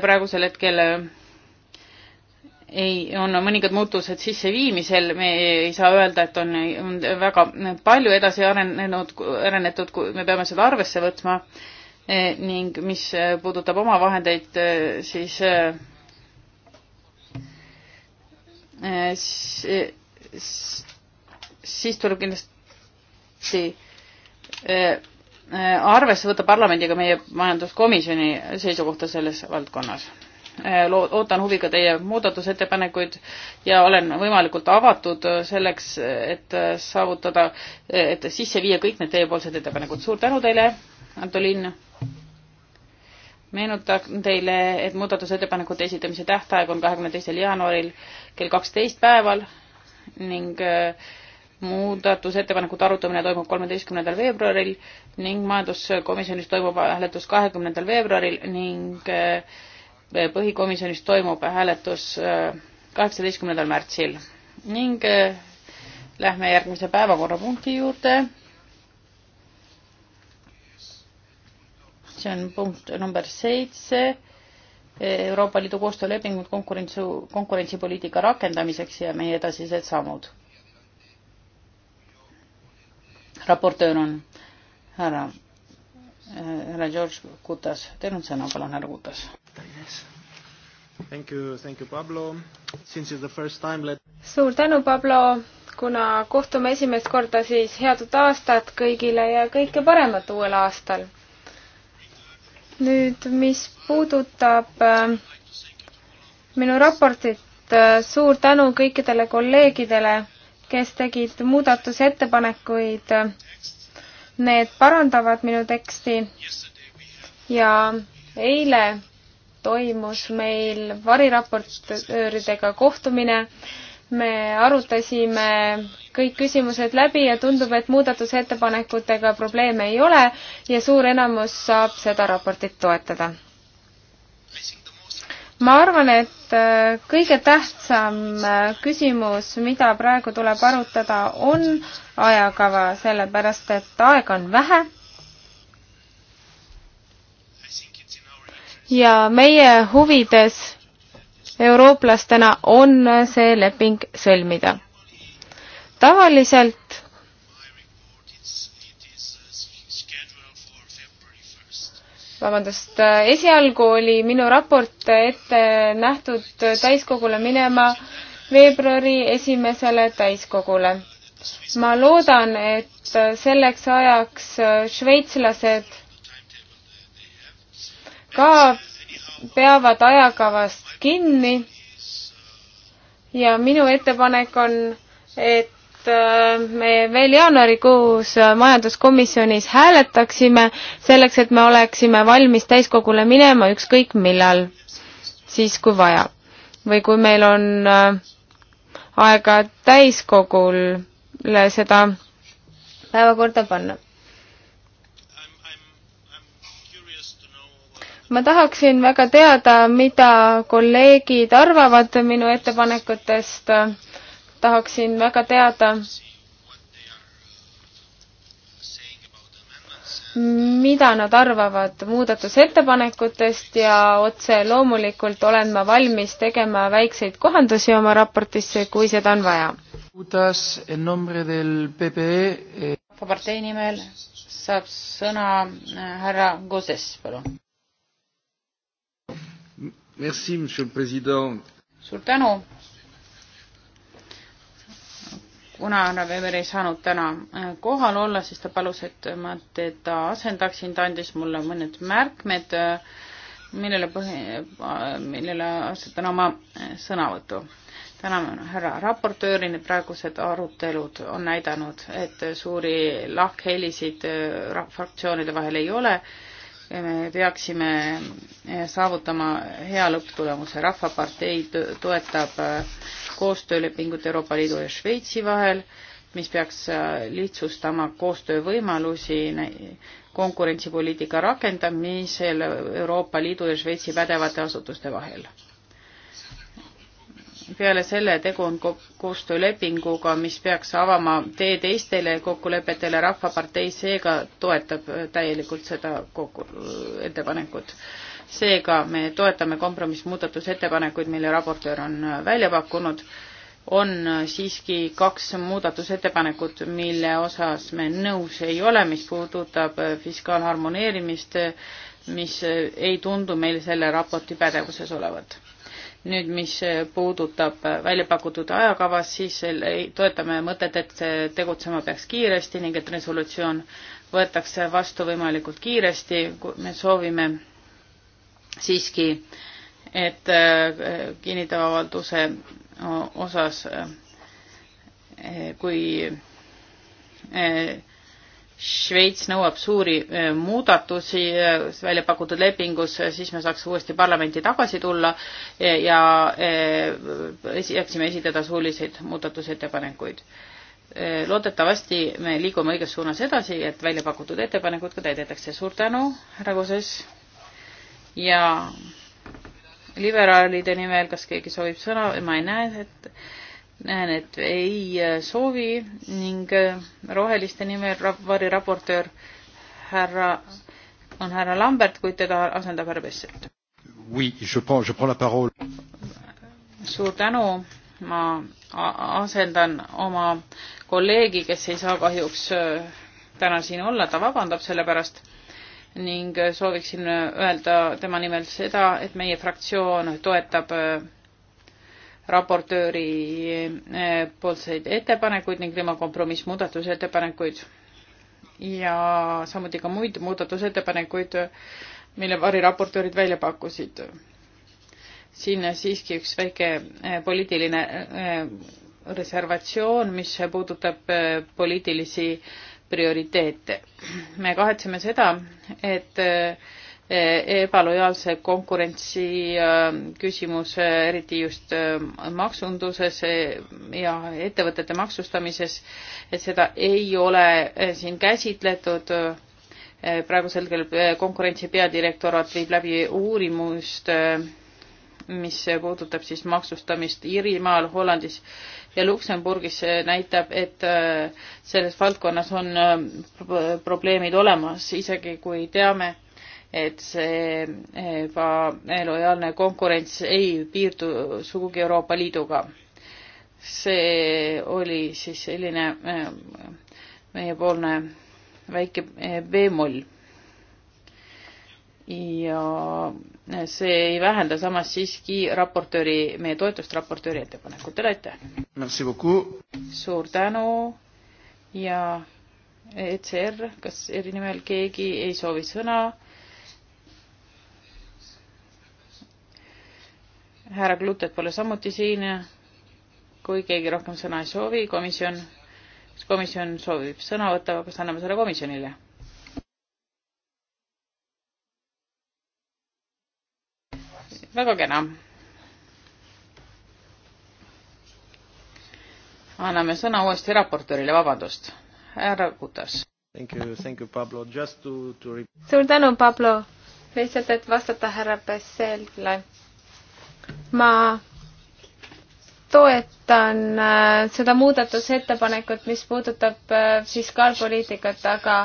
praegusel hetkel ei, on mõningad muutused sisseviimisel, me ei saa öelda, et on, on väga palju edasi arenenud, arenetud, me peame seda arvesse võtma eh, ning mis puudutab omavahendeid eh,, siis eh, siis tuleb kindlasti e, e, arvesse võtta parlamendiga meie majanduskomisjoni seisukohta selles valdkonnas Eh, ootan huviga teie muudatusettepanekuid ja olen võimalikult avatud selleks, et saavutada, et sisse viia kõik need teiepoolsed ettepanekud. suur tänu teile, Antolin. meenutan teile, et muudatusettepanekute esitamise tähtaeg on kahekümne teisel jaanuaril kell kaksteist päeval ning eh, muudatusettepanekute arutamine toimub kolmeteistkümnendal veebruaril ning majanduskomisjonis toimub hääletus kahekümnendal veebruaril ning äh, põhikomisjonis toimub hääletus äh, kaheksateistkümnendal märtsil ning äh, lähme järgmise päevakorrapunkti juurde. see on punkt number seitse, äh, Euroopa Liidu koostöölepingud konkurentsi, konkurentsipoliitika rakendamiseks ja meie edasised sammud. raportöör on härra härra George Kutas, teil on sõna, palun, härra Kutas. Thank you, thank you, Pablo. Since it's the first time let suur tänu, Pablo, kuna kohtume esimest korda, siis head uut aastat kõigile ja kõike paremat uuel aastal. nüüd, mis puudutab äh, minu raportit äh,, suur tänu kõikidele kolleegidele, kes tegid muudatusettepanekuid äh, Need parandavad minu teksti ja eile toimus meil variraportööridega kohtumine. me arutasime kõik küsimused läbi ja tundub, et muudatusettepanekutega probleeme ei ole ja suur enamus saab seda raportit toetada ma arvan, et äh, kõige tähtsam äh, küsimus, mida praegu tuleb arutada, on ajakava, sellepärast et aega on vähe. ja meie huvides eurooplastena on see leping sõlmida. tavaliselt vabandust, esialgu oli minu raport ette nähtud täiskogule minema veebruari esimesele täiskogule. ma loodan, et selleks ajaks šveitslased ka peavad ajakavast kinni ja minu ettepanek on, et Äh, me veel jaanuarikuus majanduskomisjonis hääletaksime selleks, et me oleksime valmis täiskogule minema ükskõik millal, siis kui vaja. või kui meil on äh, aega täiskogule seda päevakorda panna. ma tahaksin väga teada, mida kolleegid arvavad minu ettepanekutest tahaksin väga teada, mida nad arvavad muudatusettepanekutest ja otse loomulikult olen ma valmis tegema väikseid kohandusi oma raportisse, kui seda on vaja. E, eh. rahvapartei nimel saab sõna eh, härra Gozes, palun. suur tänu, kuna härra Weber ei saanud täna äh, kohal olla, siis ta palus, et ma teda asendaksin, ta andis mulle mõned märkmed, äh, millele põhi, äh, millele asetan oma sõnavõtu. täname härra raportööri, need praegused arutelud on näidanud, et suuri lahkhelisid fraktsioonide vahel ei ole me peaksime eh, saavutama hea lõpptulemuse. rahvapartei toetab eh, koostöölepingut Euroopa Liidu ja Šveitsi vahel, mis peaks eh, lihtsustama koostöövõimalusi konkurentsipoliitika rakendamisel Euroopa Liidu ja Šveitsi pädevate asutuste vahel peale selle tegu on koostöölepinguga, mis peaks avama tee teistele kokkulepetele, Rahvapartei seega toetab äh, täielikult seda kokku, ettepanekut. seega me toetame kompromissmuudatusettepanekuid, mille raportöör on äh, välja pakkunud. on äh, siiski kaks muudatusettepanekut, mille osas me nõus ei ole, mis puudutab fiskaalharmoneerimist, mis ei tundu meil selle raporti pädevuses olevat nüüd, mis puudutab välja pakutud ajakavast, siis toetame mõtet, et tegutsema peaks kiiresti ning et resolutsioon võetakse vastu võimalikult kiiresti, me soovime siiski, et äh, kinnitava avalduse osas, äh, kui äh, Šveits nõuab suuri äh, muudatusi äh, välja pakutud lepingus, äh, siis me saaks uuesti parlamenti tagasi tulla ja jääksime esitada suuliseid muudatusettepanekuid. loodetavasti me liigume õiges suunas edasi, et välja pakutud ettepanekud ka täidetakse. suur tänu, härra Koses. ja liberaalide nimel, kas keegi soovib sõna, ma ei näe, et näen, et ei äh, soovi ning äh, roheliste nimel variraportöör härra, on härra Lambert, kuid teda asendab härra Besselt. suur tänu, ma asendan oma kolleegi, kes ei saa kahjuks äh, täna siin olla, ta vabandab selle pärast ning sooviksin öelda tema nimel seda, et meie fraktsioon toetab äh, raportööri eh, poolseid ettepanekuid ning tema kompromissmuudatusettepanekuid ja samuti ka muid muudatusettepanekuid, mille variraportöörid välja pakkusid. siin siiski üks väike eh, poliitiline eh, reservatsioon, mis puudutab poliitilisi prioriteete. me kahetseme seda, et äh, E, ebalojaalse konkurentsi e, küsimus, e, eriti just maksunduses ja ettevõtete maksustamises, et seda ei ole siin käsitletud. praegusel hetkel konkurentsi peadirektorat viib läbi uurimust, mis puudutab siis maksustamist Iirimaal, Hollandis ja Luksemburgis, näitab, et selles valdkonnas on probleemid olemas, isegi kui teame, et see ebalojaalne eh, konkurents ei piirdu sugugi Euroopa Liiduga. see oli siis selline eh, meiepoolne väike eh, beemoll. ja see ei vähenda samas siiski raportööri, meie toetust raportööri ettepanekutele, aitäh! suur tänu ja ECR, kas eri nimel keegi ei soovi sõna? härra Glutet pole samuti siin. kui keegi rohkem sõna ei soovi, komisjon, kas komisjon soovib sõna võtta, kas anname selle komisjonile? väga kena. anname sõna uuesti raportöörile, vabandust, härra Kutas. To... suur tänu, Pablo lihtsalt, et vastata härra Besselile ma toetan äh, seda muudatusettepanekut, mis puudutab äh, fiskaalpoliitikat, aga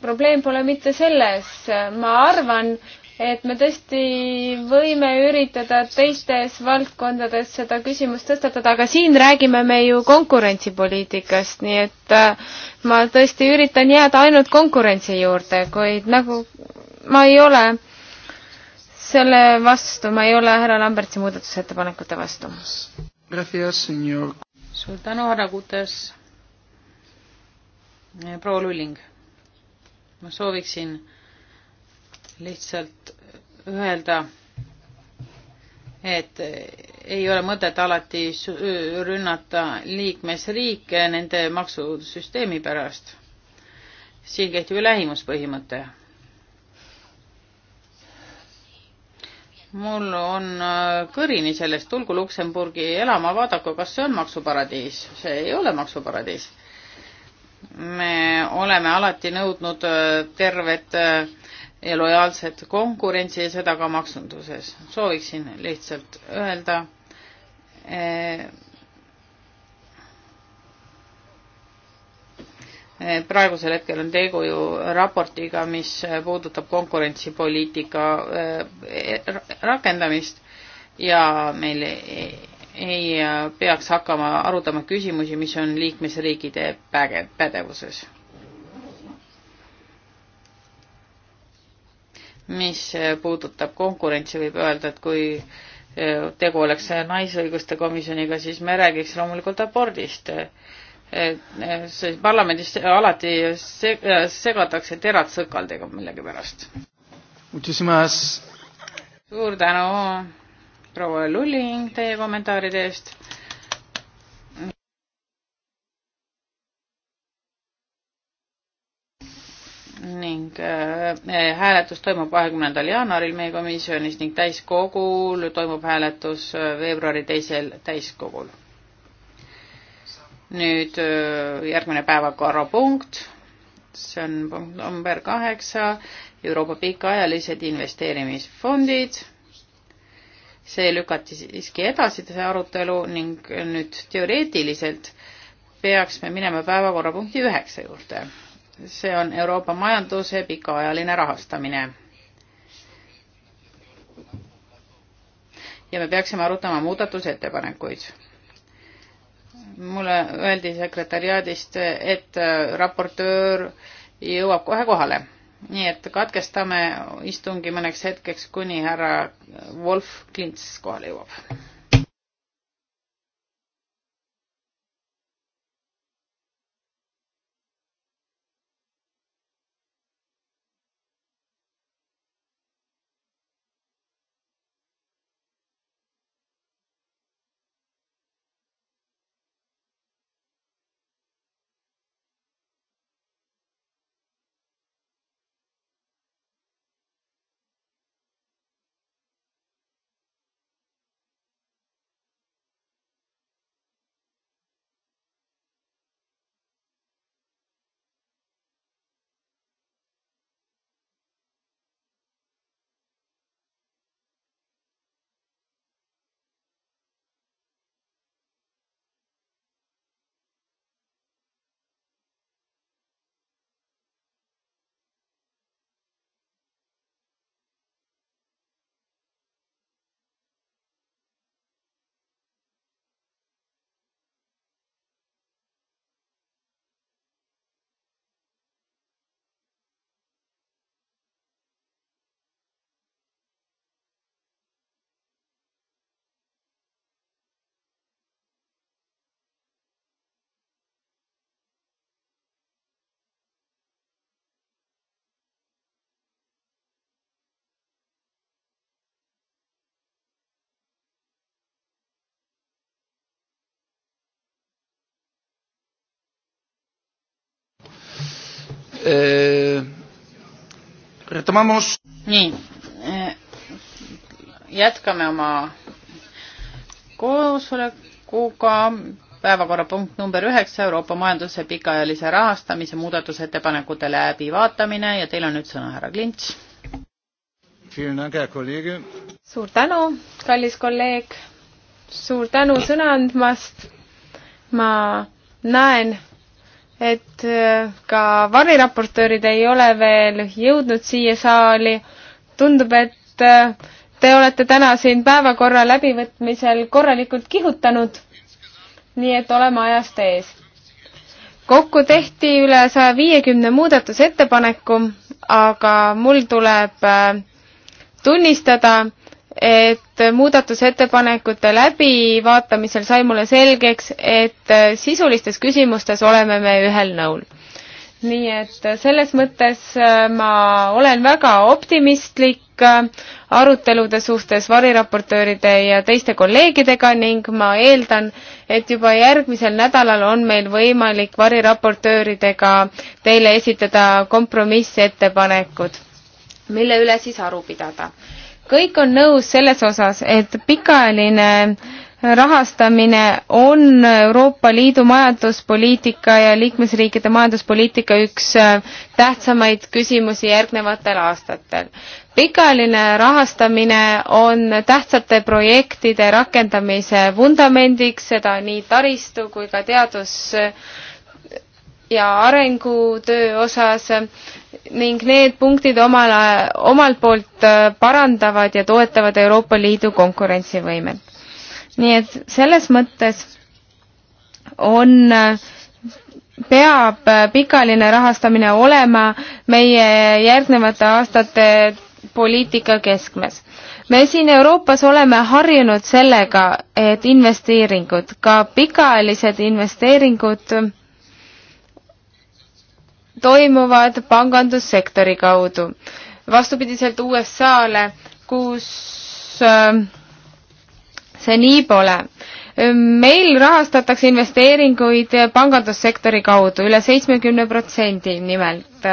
probleem pole mitte selles, ma arvan, et me tõesti võime üritada teistes valdkondades seda küsimust tõstatada, aga siin räägime me ju konkurentsipoliitikast, nii et äh, ma tõesti üritan jääda ainult konkurentsi juurde, kuid nagu ma ei ole selle vastu, ma ei ole härra Lambertsi muudatusettepanekute vastu. suur tänu, härra Kutes. proua Lulling, ma sooviksin lihtsalt öelda, et ei ole mõtet alati rünnata liikmesriike nende maksusüsteemi pärast. siin kehtib ju lähimuspõhimõte mul on äh, kõrini sellest, tulgu Luksemburgi elama, vaadaku, kas see on maksuparadiis. see ei ole maksuparadiis. me oleme alati nõudnud äh, tervet äh, ja lojaalset konkurentsi ja seda ka maksunduses. sooviksin lihtsalt öelda eh, Eh, praegusel hetkel on tegu ju raportiga, mis eh, puudutab konkurentsipoliitika eh, rakendamist ja meil e-, ei peaks hakkama arutama küsimusi, mis on liikmesriigide päge-, pädevuses. mis puudutab konkurentsi, võib öelda, et kui tegu oleks naisõiguste komisjoniga, siis me räägiks loomulikult abordist Eh, see parlamendis alati seg eh, segatakse terad sõkaldega millegipärast. suur tänu, proua Lulling, teie kommentaaride eest. ning äh, hääletus toimub kahekümnendal jaanuaril meie komisjonis ning täiskogul toimub hääletus veebruari teisel täiskogul nüüd äh, järgmine päevakorrapunkt, see on punkt number kaheksa, Euroopa pikaajalised investeerimisfondid. see lükati siiski edasi, see arutelu ning nüüd teoreetiliselt peaks me minema päevakorrapunkti üheksa juurde. see on Euroopa majanduse pikaajaline rahastamine. ja me peaksime arutama muudatusettepanekuid mulle öeldi sekretäriaadist, et äh, raportöör jõuab kohe kohale. nii et katkestame istungi mõneks hetkeks, kuni härra Wolf Klints kohale jõuab. Eh, retomamos. nii, eh, jätkame oma koosolekuga. päevakorrapunkt number üheksa, Euroopa majanduse pikaajalise rahastamise muudatusettepanekute läbivaatamine ja teil on nüüd sõna, härra Klints. suur tänu, kallis kolleeg. suur tänu sõna andmast. ma näen et äh, ka variraportöörid ei ole veel jõudnud siia saali. tundub, et äh, te olete täna siin päevakorra läbivõtmisel korralikult kihutanud, nii et oleme ajast ees. kokku tehti üle saja viiekümne muudatusettepaneku, aga mul tuleb äh, tunnistada, et muudatusettepanekute läbivaatamisel sai mulle selgeks, et sisulistes küsimustes oleme me ühel nõul. nii et selles mõttes äh, ma olen väga optimistlik äh, arutelude suhtes variraportööride ja teiste kolleegidega ning ma eeldan, et juba järgmisel nädalal on meil võimalik variraportööridega teile esitada kompromissettepanekud, mille üle siis aru pidada kõik on nõus selles osas, et pikaajaline rahastamine on Euroopa Liidu majanduspoliitika ja liikmesriikide majanduspoliitika üks äh, tähtsamaid küsimusi järgnevatel aastatel. pikaajaline rahastamine on tähtsate projektide rakendamise vundamendiks, seda nii taristu kui ka teadus- ja arengutöö osas ning need punktid omal, omalt poolt äh, parandavad ja toetavad Euroopa Liidu konkurentsivõimet. nii et selles mõttes on, äh, peab äh, pikaline rahastamine olema meie järgnevate aastate poliitika keskmes. me siin Euroopas oleme harjunud sellega, et investeeringud, ka pikaajalised investeeringud toimuvad pangandussektori kaudu. vastupidiselt USA-le, kus äh, see nii pole. meil rahastatakse investeeringuid pangandussektori kaudu üle seitsmekümne protsendi nimelt.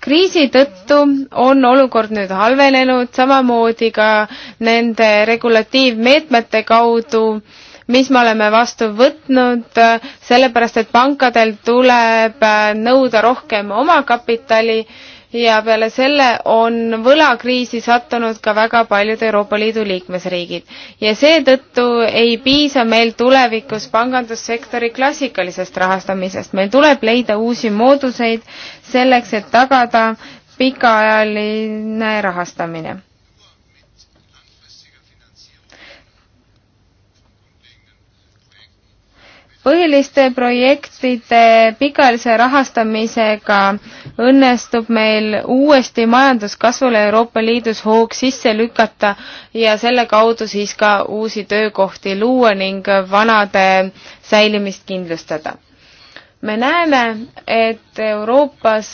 kriisi tõttu on olukord nüüd halvenenud, samamoodi ka nende regulatiivmeetmete kaudu äh, mis me oleme vastu võtnud, äh, sellepärast et pankadel tuleb äh, nõuda rohkem omakapitali ja peale selle on võlakriisi sattunud ka väga paljud Euroopa Liidu liikmesriigid. ja seetõttu ei piisa meil tulevikus pangandussektori klassikalisest rahastamisest, meil tuleb leida uusi mooduseid selleks, et tagada pikaajaline rahastamine põhiliste projektide pikaajalise rahastamisega õnnestub meil uuesti majanduskasvule Euroopa Liidus hoog sisse lükata ja selle kaudu siis ka uusi töökohti luua ning vanade säilimist kindlustada. me näeme, et Euroopas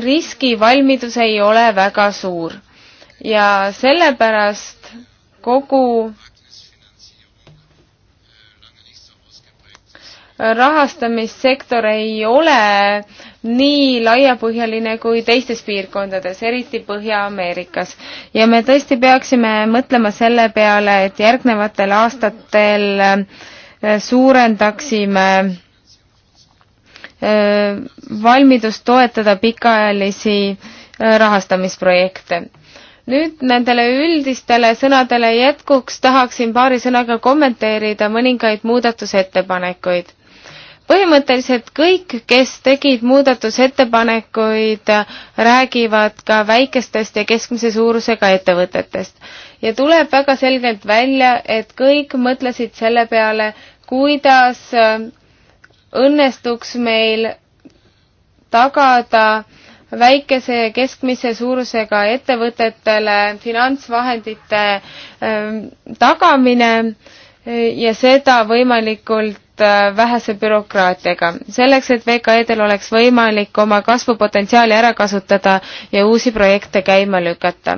riskivalmidus ei ole väga suur ja sellepärast kogu rahastamissektor ei ole nii laiapõhjaline kui teistes piirkondades, eriti Põhja-Ameerikas. ja me tõesti peaksime mõtlema selle peale, et järgnevatel aastatel äh, suurendaksime äh, valmidust toetada pikaajalisi äh, rahastamisprojekte nüüd nendele üldistele sõnadele jätkuks tahaksin paari sõnaga kommenteerida mõningaid muudatusettepanekuid põhimõtteliselt kõik, kes tegid muudatusettepanekuid, räägivad ka väikestest ja keskmise suurusega ettevõtetest. ja tuleb väga selgelt välja, et kõik mõtlesid selle peale, kuidas äh, õnnestuks meil tagada väikese ja keskmise suurusega ettevõtetele finantsvahendite ähm, tagamine äh, ja seda võimalikult Äh, vähese bürokraatiaga, selleks et VKE-del oleks võimalik oma kasvupotentsiaali ära kasutada ja uusi projekte käima lükata.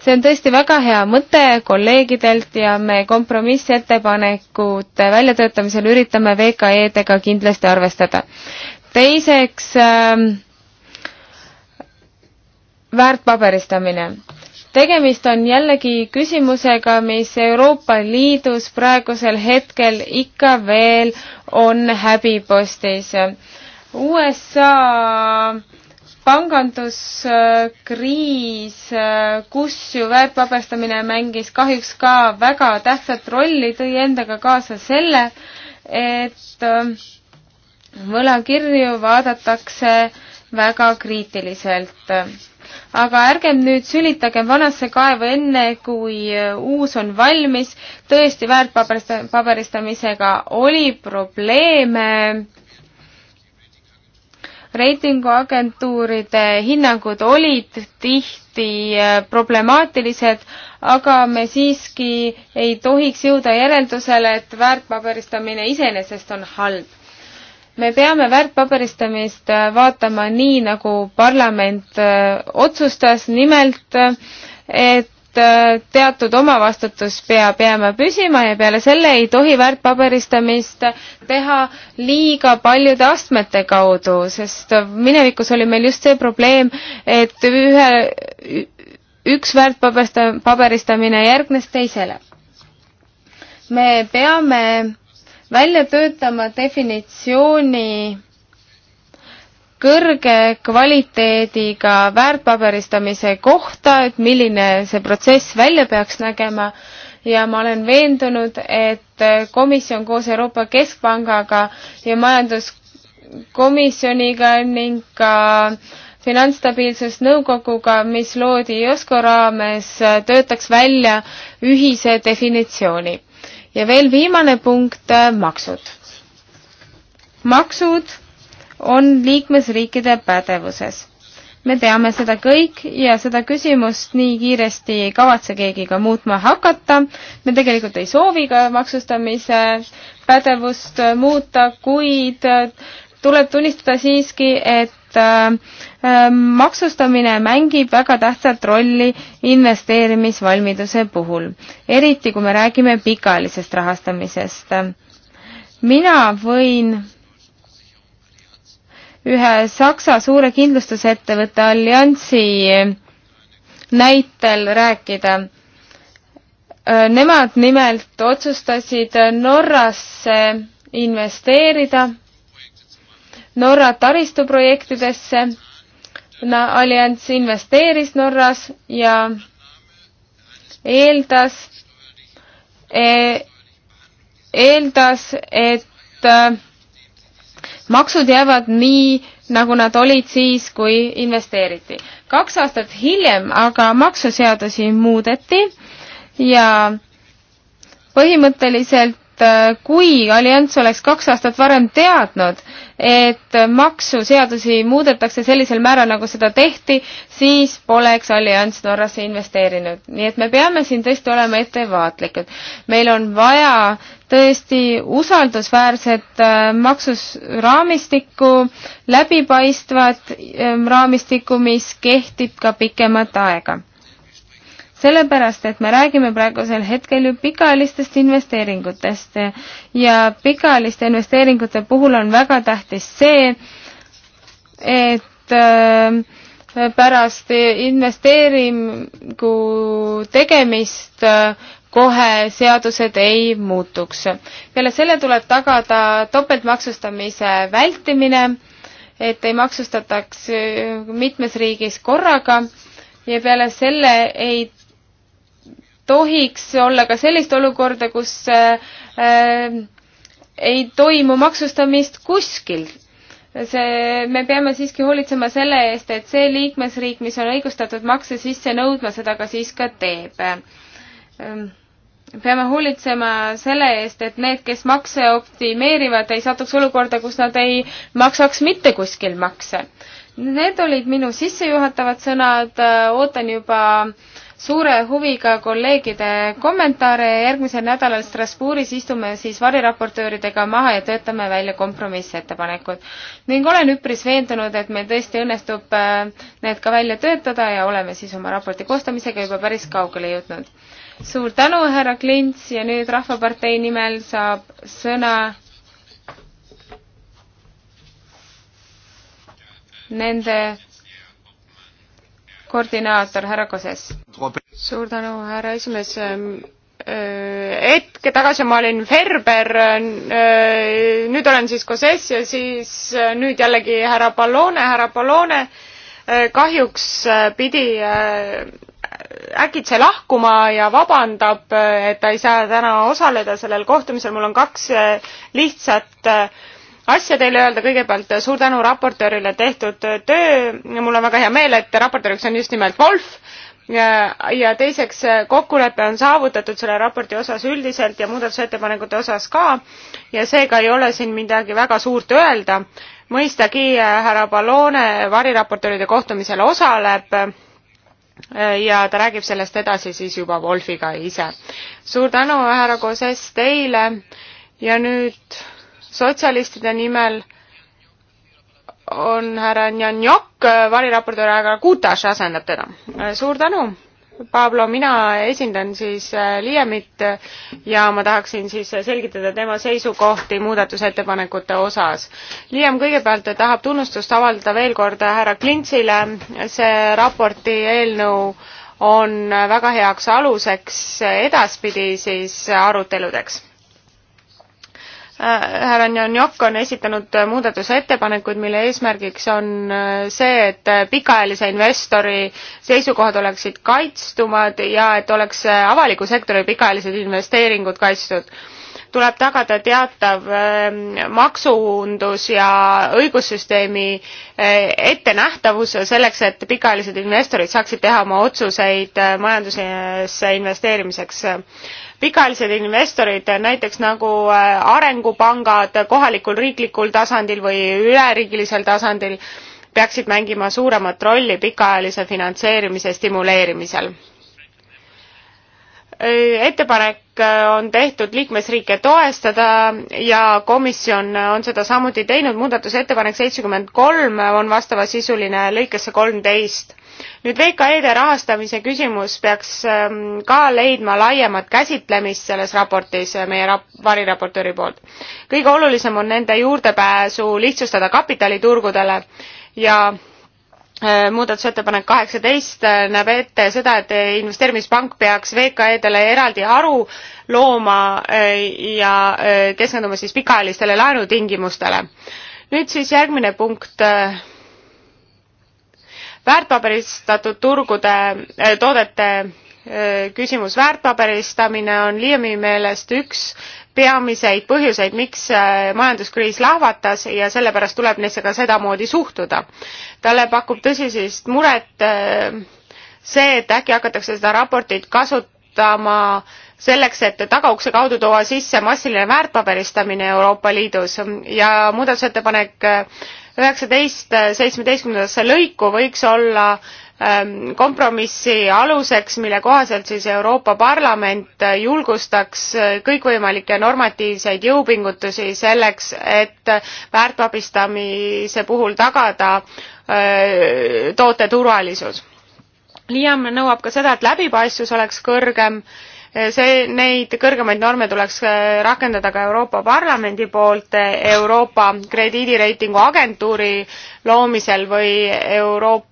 see on tõesti väga hea mõte kolleegidelt ja me kompromissettepanekute väljatöötamisel üritame VKE-dega kindlasti arvestada. teiseks äh, väärtpaberistamine tegemist on jällegi küsimusega, mis Euroopa Liidus praegusel hetkel ikka veel on häbipostis. USA panganduskriis, kus ju väärtpaberstamine mängis kahjuks ka väga tähtsat rolli, tõi endaga kaasa selle, et võlakirju vaadatakse väga kriitiliselt aga ärgem nüüd sülitagem vanasse kaevu enne, kui äh, uus on valmis. tõesti, väärtpaberistamisega oli probleeme. reitinguagentuuride hinnangud olid tihti äh, problemaatilised, aga me siiski ei tohiks jõuda järeldusele, et väärtpaberistamine iseenesest on halb me peame väärtpaberistamist äh, vaatama nii, nagu parlament äh, otsustas, nimelt et äh, teatud omavastutus peab jääma püsima ja peale selle ei tohi väärtpaberistamist teha liiga paljude astmete kaudu, sest minevikus oli meil just see probleem, et ühe, üks väärtpaberistamine järgnes teisele. me peame välja töötama definitsiooni kõrge kvaliteediga väärtpaberistamise kohta, et milline see protsess välja peaks nägema ja ma olen veendunud, et komisjon koos Euroopa Keskpangaga ja majanduskomisjoniga ning ka finantsstabiilsusnõukoguga, mis loodi Josko raames, töötaks välja ühise definitsiooni ja veel viimane punkt, äh, maksud. maksud on liikmesriikide pädevuses. me teame seda kõik ja seda küsimust nii kiiresti ei kavatse keegi ka muutma hakata. me tegelikult ei soovi ka maksustamise pädevust muuta, kuid äh, tuleb tunnistada siiski, et äh, äh, maksustamine mängib väga tähtsat rolli investeerimisvalmiduse puhul, eriti kui me räägime pikaajalisest rahastamisest. mina võin ühe Saksa suure kindlustusettevõtte alliansi näitel rääkida. Äh, nemad nimelt otsustasid Norrasse investeerida Norra taristuprojektidesse. Allianz investeeris Norras ja eeldas e, eeldas, et äh, maksud jäävad nii, nagu nad olid siis, kui investeeriti. kaks aastat hiljem aga maksuseadusi muudeti ja põhimõtteliselt et äh, kui Allianz oleks kaks aastat varem teadnud, et maksuseadusi muudetakse sellisel määral, nagu seda tehti, siis poleks Allianz Norrasse investeerinud. nii et me peame siin tõesti olema ettevaatlikud. meil on vaja tõesti usaldusväärset äh, maksusraamistikku, läbipaistvat äh, raamistikku, mis kehtib ka pikemat aega sellepärast, et me räägime praegusel hetkel ju pikaajalistest investeeringutest ja pikaajaliste investeeringute puhul on väga tähtis see, et äh, pärast investeeringu tegemist äh, kohe seadused ei muutuks. peale selle tuleb tagada topeltmaksustamise vältimine, et ei maksustataks mitmes riigis korraga ja peale selle ei tohiks olla ka sellist olukorda, kus äh, äh, ei toimu maksustamist kuskil. see, me peame siiski hoolitsema selle eest, et see liikmesriik, mis on õigustatud makse sisse nõudma, seda ka siis ka teeb ähm, peame hoolitsema selle eest, et need, kes makse optimeerivad, ei satuks olukorda, kus nad ei maksaks mitte kuskil makse. Need olid minu sissejuhatavad sõnad, ootan juba äh, suure huviga kolleegide kommentaare ja järgmisel nädalal Strasbourgis istume siis variraportööridega maha ja töötame välja kompromissettepanekud. ning olen üpris veendunud, et meil tõesti õnnestub äh, need ka välja töötada ja oleme siis oma raporti koostamisega juba päris kaugele jõudnud. suur tänu, härra Klints ja nüüd Rahvapartei nimel saab sõna nende koordinaator härra Koses. suur tänu, härra esimees. Ehm, äh, hetk tagasi ma olin Ferber, äh, äh, nüüd olen siis Koses ja siis nüüd jällegi härra Pallone, härra Pallone. kahjuks pidi äkitse lahkuma ja vabandab, et ta ei saa täna osaleda sellel kohtumisel, mul on kaks lihtsat asja teile öelda, kõigepealt äh, suur tänu raportöörile tehtud äh, töö, mul on väga hea meel, et raportööriks on just nimelt Wolf ja, ja teiseks äh, kokkulepe on saavutatud selle raporti osas üldiselt ja muudatusettepanekute osas ka ja seega ei ole siin midagi väga suurt öelda. mõistagi härra Ballone variraportööride kohtumisel osaleb ja ta räägib sellest edasi siis juba Wolfiga ise. suur tänu, härra Koses, teile ja nüüd sotsialistide nimel on härra Njanjok variraportöör, aga Kutaš asendab teda. suur tänu, Pablo, mina esindan siis äh, Liemit ja ma tahaksin siis äh, selgitada tema seisukohti muudatusettepanekute osas. Liem kõigepealt tahab tunnustust avaldada veel kord härra Klintsile, see raporti eelnõu on väga heaks aluseks edaspidi siis aruteludeks härra Njanjok on esitanud muudatusettepanekuid, mille eesmärgiks on äh, see, et äh, pikaajalise investori seisukohad oleksid kaitstumad ja et oleks äh, avaliku sektori pikaajalised investeeringud kaitstud. tuleb tagada teatav ähm, maksuundus ja õigussüsteemi ettenähtavus selleks, et pikaajalised investorid saaksid teha oma otsuseid majandusesse investeerimiseks pikaajalised investorid, näiteks nagu äh, arengupangad kohalikul riiklikul tasandil või üleriigilisel tasandil, peaksid mängima suuremat rolli pikaajalise finantseerimise stimuleerimisel äh, ettepanek äh, on tehtud liikmesriike toestada ja komisjon on seda samuti teinud, muudatusettepanek seitsekümmend kolm on vastavasisuline lõikesse kolmteist nüüd VKE-de rahastamise küsimus peaks ähm, ka leidma laiemat käsitlemist selles raportis äh, meie rap-, variraportööri poolt. kõige olulisem on nende juurdepääsu lihtsustada kapitaliturgudele ja äh, muudatusettepanek kaheksateist äh, näeb ette seda, et investeerimispank peaks VKE-dele eraldi haru looma ja keskenduma siis pikaajalistele laenutingimustele. nüüd siis järgmine punkt väärtpaberistatud turgude, eh, toodete eh, küsimus, väärtpaberistamine on Liiami meelest üks peamiseid põhjuseid, miks eh, majanduskriis lahvatas ja sellepärast tuleb neisse ka sedamoodi suhtuda. talle pakub tõsisest muret see, et äkki hakatakse seda raportit kasutama äh, selleks, et tagaukse kaudu tuua sisse massiline väärtpaberistamine Euroopa Liidus ja muudatusettepanek äh, üheksateist äh, seitsmeteistkümnendasse lõiku võiks olla ähm, kompromissi aluseks, mille kohaselt siis Euroopa Parlament julgustaks äh, kõikvõimalikke normatiivseid jõupingutusi selleks, et väärtpabistamise puhul tagada toote turvalisus. Liam nõuab ka seda, et läbipaistvus oleks kõrgem see, neid kõrgemaid norme tuleks äh, rakendada ka Euroopa Parlamendi poolt äh, Euroopa krediidireitingu agentuuri loomisel või Euroopa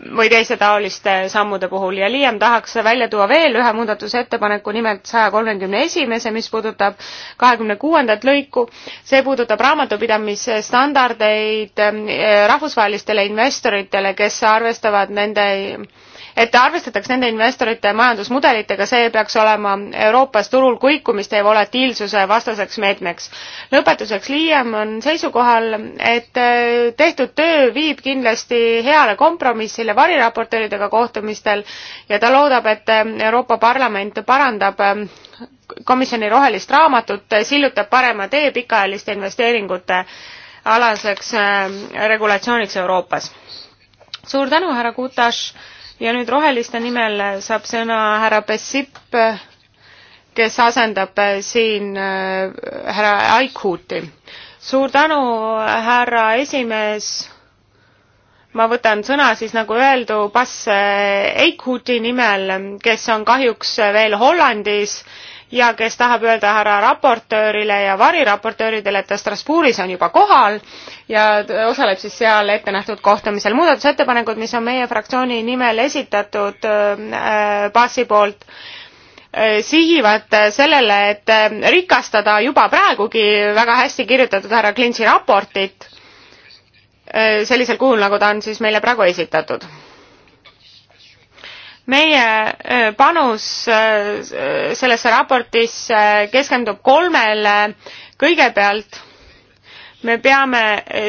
või teiste taoliste sammude puhul ja Liam tahaks välja tuua veel ühe muudatusettepaneku, nimelt saja kolmekümne esimese, mis puudutab kahekümne kuuendat lõiku. see puudutab raamatupidamisstandardeid äh, rahvusvahelistele investoritele, kes arvestavad nende et arvestataks nende investorite majandusmudelitega, see peaks olema Euroopas turul kõikumiste ja volatiilsuse vastaseks meetmeks. lõpetuseks, Liam on seisukohal, et äh, tehtud töö viib kindlasti heale kompromissile variraportööridega kohtumistel ja ta loodab, et äh, Euroopa Parlament parandab äh, komisjoni rohelist raamatut, sillutab parema tee pikaajaliste investeeringute alaseks regulatsiooniks Euroopas. suur tänu, härra Kutaš ja nüüd Roheliste nimel saab sõna härra Bessip, kes asendab äh, siin äh, härra Aikhuti. suur tänu, härra esimees ma võtan sõna siis nagu öeldu Bas äh, Eichhuti nimel, kes on kahjuks veel Hollandis ja kes tahab öelda härra raportöörile ja variraportööridele, et ta Strasbourgis on juba kohal ja osaleb siis seal ettenähtud kohtumisel. muudatusettepanekud, mis on meie fraktsiooni nimel esitatud äh, Bassi poolt äh,, sihivad sellele, et äh, rikastada juba praegugi väga hästi kirjutatud härra Klintsi raportit Äh, sellisel kujul, nagu ta on siis meile praegu esitatud. meie äh, panus äh, sellesse raportisse keskendub kolmele, kõigepealt me peame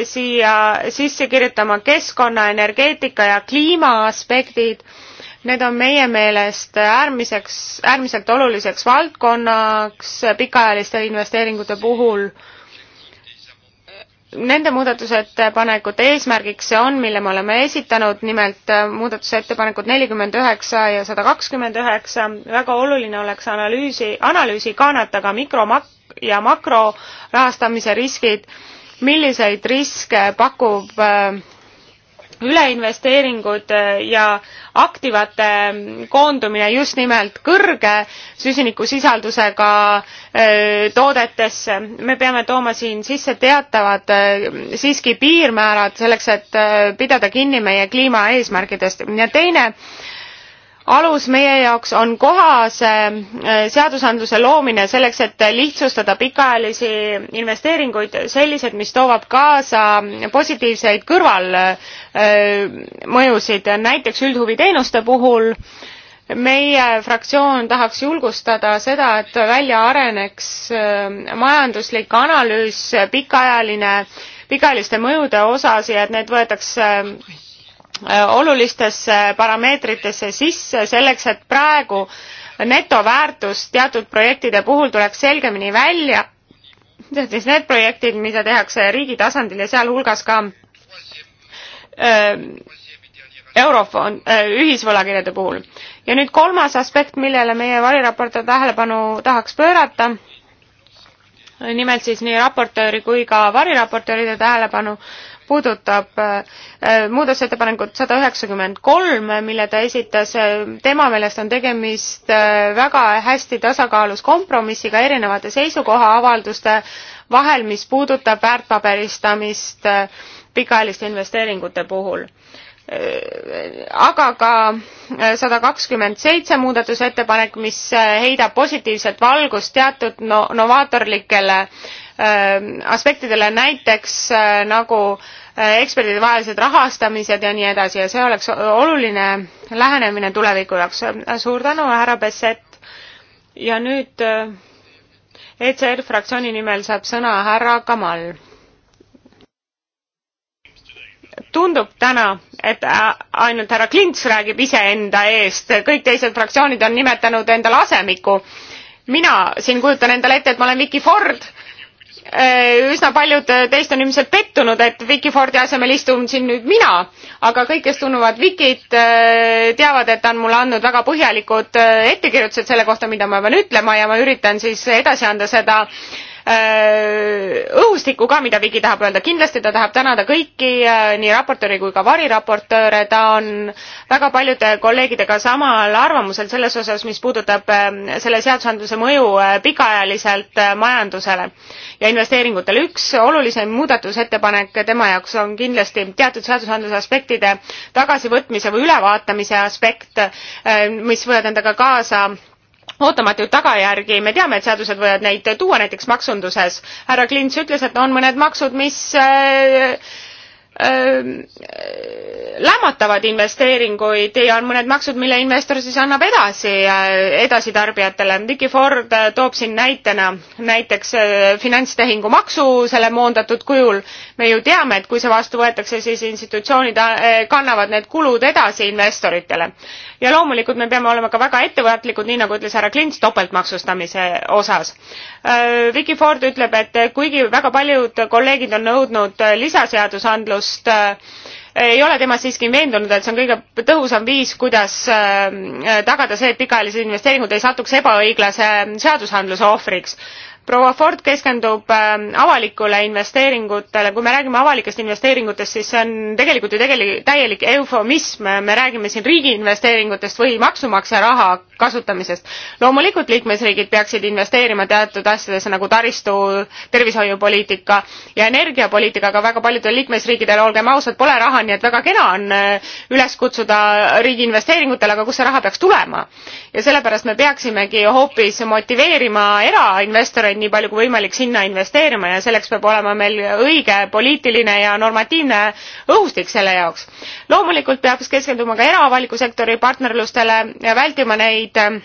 siia sisse kirjutama keskkonna, energeetika ja kliima aspektid. Need on meie meelest äärmiseks, äärmiselt oluliseks valdkonnaks pikaajaliste investeeringute puhul äh, nende muudatusettepanekute eesmärgiks see on, mille me oleme esitanud, nimelt äh, muudatusettepanekud nelikümmend üheksa ja sada kakskümmend üheksa. väga oluline oleks analüüsi, analüüsi kaanata ka mikro- ja makrorahastamise riskid, milliseid riske pakub äh, üleinvesteeringud eh, ja aktivate mm, koondumine just nimelt kõrge süsinikusisaldusega eh, toodetesse. me peame tooma siin sisse teatavad eh, siiski piirmäärad selleks, et pidada kinni meie kliimaeesmärkidest ja teine alus meie jaoks on kohase ähm, äh, seadusandluse loomine selleks, et lihtsustada pikaajalisi investeeringuid, sellised, mis toovad kaasa positiivseid kõrvalmõjusid, äh, näiteks üldhuviteenuste puhul. meie fraktsioon tahaks julgustada seda, et välja areneks äh, majanduslik analüüs pikaajaline, pikaajaliste mõjude osas ja et need võetakse Äh, olulistesse parameetritesse sisse selleks, et praegu netoväärtus teatud projektide puhul tuleks selgemini välja. see on siis need projektid, mida tehakse riigi tasandil ja sealhulgas ka äh, eurofond, äh, ühisvõlakirjade puhul. ja nüüd kolmas aspekt, millele meie variraportöör tähelepanu tahaks pöörata, nimelt siis nii raportööri kui ka variraportööride tähelepanu, puudutab äh, muudatusettepanekut sada üheksakümmend kolm, mille ta esitas. Äh, tema meelest on tegemist äh, väga hästi tasakaalus kompromissiga erinevate seisukohaavalduste vahel, mis puudutab väärtpaberistamist pikaajaliste investeeringute puhul aga ka sada kakskümmend seitse muudatusettepanek, mis heidab positiivset valgust teatud no novaatorlikele aspektidele, näiteks nagu äh, Äh, eksperdide vahelised rahastamised ja nii edasi ja see oleks oluline lähenemine tuleviku jaoks. suur tänu, härra Besset. ja nüüd äh, ECR fraktsiooni nimel saab sõna härra Kamal. tundub täna, et äh, ainult härra Klints räägib iseenda eest, kõik teised fraktsioonid on nimetanud endale asemiku. mina siin kujutan endale ette, et ma olen Vicky Ford Äh, üsna paljud äh, teist on ilmselt pettunud, et Vicky Fordi asemel istun siin nüüd mina, aga kõik, kes tunnevad Vikit, äh, teavad, et ta on mulle andnud väga põhjalikud ettekirjutused selle kohta, mida ma pean ütlema ja ma üritan siis edasi anda seda äh, Äh, õhustikku ka, mida Viki tahab öelda. kindlasti ta tahab tänada kõiki, äh, nii raportööri kui ka variraportööre. ta on väga paljude kolleegidega samal arvamusel selles osas, mis puudutab ähm, selle seadusandluse mõju äh, pikaajaliselt majandusele ja investeeringutele. üks olulisem muudatusettepanek tema jaoks on kindlasti teatud seadusandluse aspektide tagasivõtmise või ülevaatamise aspekt, mis võivad endaga kaasa ootamatuid tagajärgi. me teame, et seadused võivad neid tuua näiteks maksunduses. härra Klints ütles, et on mõned maksud, mis äh, lämmatavad investeeringuid ja on mõned maksud, mille investor siis annab edasi, äh, edasi tarbijatele. Vicky Ford äh, toob siin näitena näiteks äh, finantstehingumaksu selle moondatud kujul. me ju teame, et kui see vastu võetakse, siis institutsioonid kannavad need kulud edasi investoritele. ja loomulikult me peame olema ka väga ettevaatlikud, nii nagu ütles härra Klints topeltmaksustamise osas. Äh, Vicky Ford ütleb, et kuigi väga paljud kolleegid on nõudnud äh, lisaseadusandlust, äh, ei ole tema siiski veendunud, et see on kõige tõhusam viis, kuidas tagada see, et pikaajalised investeeringud ei satuks ebaõiglase seadusandluse ohvriks proua Ford keskendub ähm, avalikule investeeringutele, kui me räägime avalikest investeeringutest, siis see on tegelikult ju tegelikult täielik eufemism, me räägime siin riigi investeeringutest või maksumaksja raha kasutamisest. loomulikult liikmesriigid peaksid investeerima teatud asjadesse nagu taristu, tervishoiupoliitika ja energiapoliitika, aga väga paljudel liikmesriikidel, olgem ausad, pole raha, nii et väga kena on äh, üles kutsuda riigi investeeringutele, aga kust see raha peaks tulema? ja sellepärast me peaksimegi hoopis motiveerima erainvestoreid aastaid nii palju kui võimalik sinna investeerima ja selleks peab olema meil õige poliitiline ja normatiivne õhustik selle jaoks. loomulikult peaks keskenduma ka eraavaliku sektori partnerlustele ja vältima neid äh,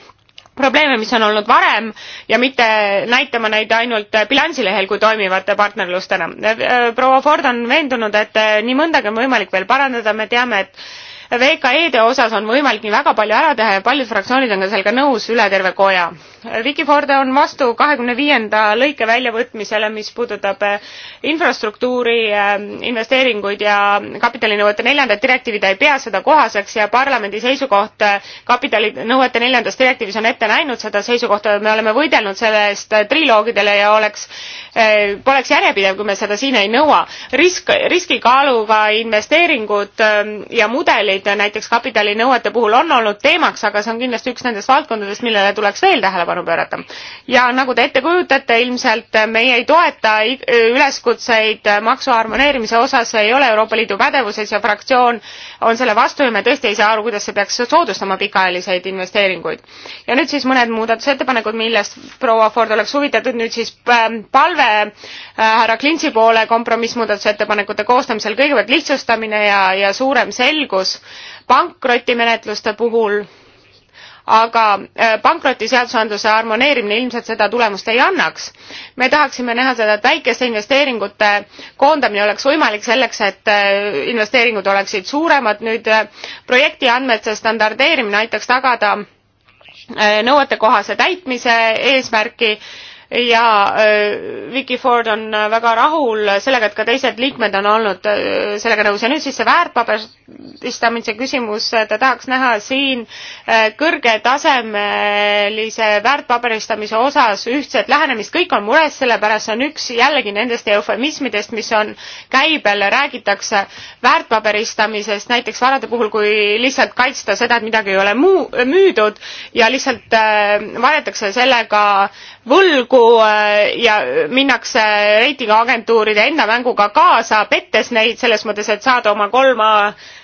probleeme, mis on olnud varem ja mitte näitama neid ainult bilansilehel kui toimivate partnerlustena. Äh, äh, proua Ford on veendunud, et nii mõndagi on võimalik veel parandada, me teame, et VKE-de osas on võimalik nii väga palju ära teha ja paljud fraktsioonid on ka sellega nõus üle terve koja. Ricky Ford on vastu kahekümne viienda lõike väljavõtmisele, mis puudutab äh, infrastruktuuri äh, investeeringuid ja kapitalinõuete neljandat direktiivi, ta ei pea seda kohaseks ja parlamendi seisukoht äh, kapitalinõuete neljandas direktiivis on ette näinud seda seisukohta, me oleme võidelnud selle eest triloogidele ja oleks, poleks järjepidev, kui me seda siin ei nõua. risk, riskikaaluga investeeringud ähm, ja mudelid näiteks kapitalinõuete puhul on olnud teemaks, aga see on kindlasti üks nendest valdkondadest, millele tuleks veel tähelepanu tähelepanu pöörata. ja nagu te ette kujutate, ilmselt meie ei toeta üleskutseid maksu harmoneerimise osas, see ei ole Euroopa Liidu pädevuses ja fraktsioon on selle vastu ja me tõesti ei saa aru, kuidas see peaks soodustama pikaajalisi investeeringuid. ja nüüd siis mõned muudatusettepanekud, millest proua Ford oleks huvitatud, nüüd siis ähm, palve äh, härra Klintsi poole kompromissmuudatusettepanekute koostamisel, kõigepealt lihtsustamine ja, ja suurem selgus pankrotimenetluste puhul aga äh, pankrotiseadusandluse harmoneerimine ilmselt seda tulemust ei annaks. me tahaksime näha seda, et väikeste investeeringute koondamine oleks võimalik selleks, et äh, investeeringud oleksid suuremad, nüüd äh, projekti andmete standardeerimine aitaks tagada nõuetekohase täitmise eesmärki ja äh, Vicky Ford on äh, väga rahul sellega, et ka teised liikmed on olnud äh, sellega nõus ja nüüd siis see väärtpaberistamise küsimus, ta tahaks näha siin kõrgetasemelise väärtpaberistamise osas ühtset lähenemist, kõik on mures, sellepärast see on üks jällegi nendest eufemismidest, mis on käibel, räägitakse väärtpaberistamisest näiteks varade puhul, kui lihtsalt kaitsta seda, et midagi ei ole muu, müüdud ja lihtsalt varjatakse sellega võlgu äh, ja minnakse reitinguagentuuride enda mänguga kaasa, pettes neid selles mõttes, et saada oma kolma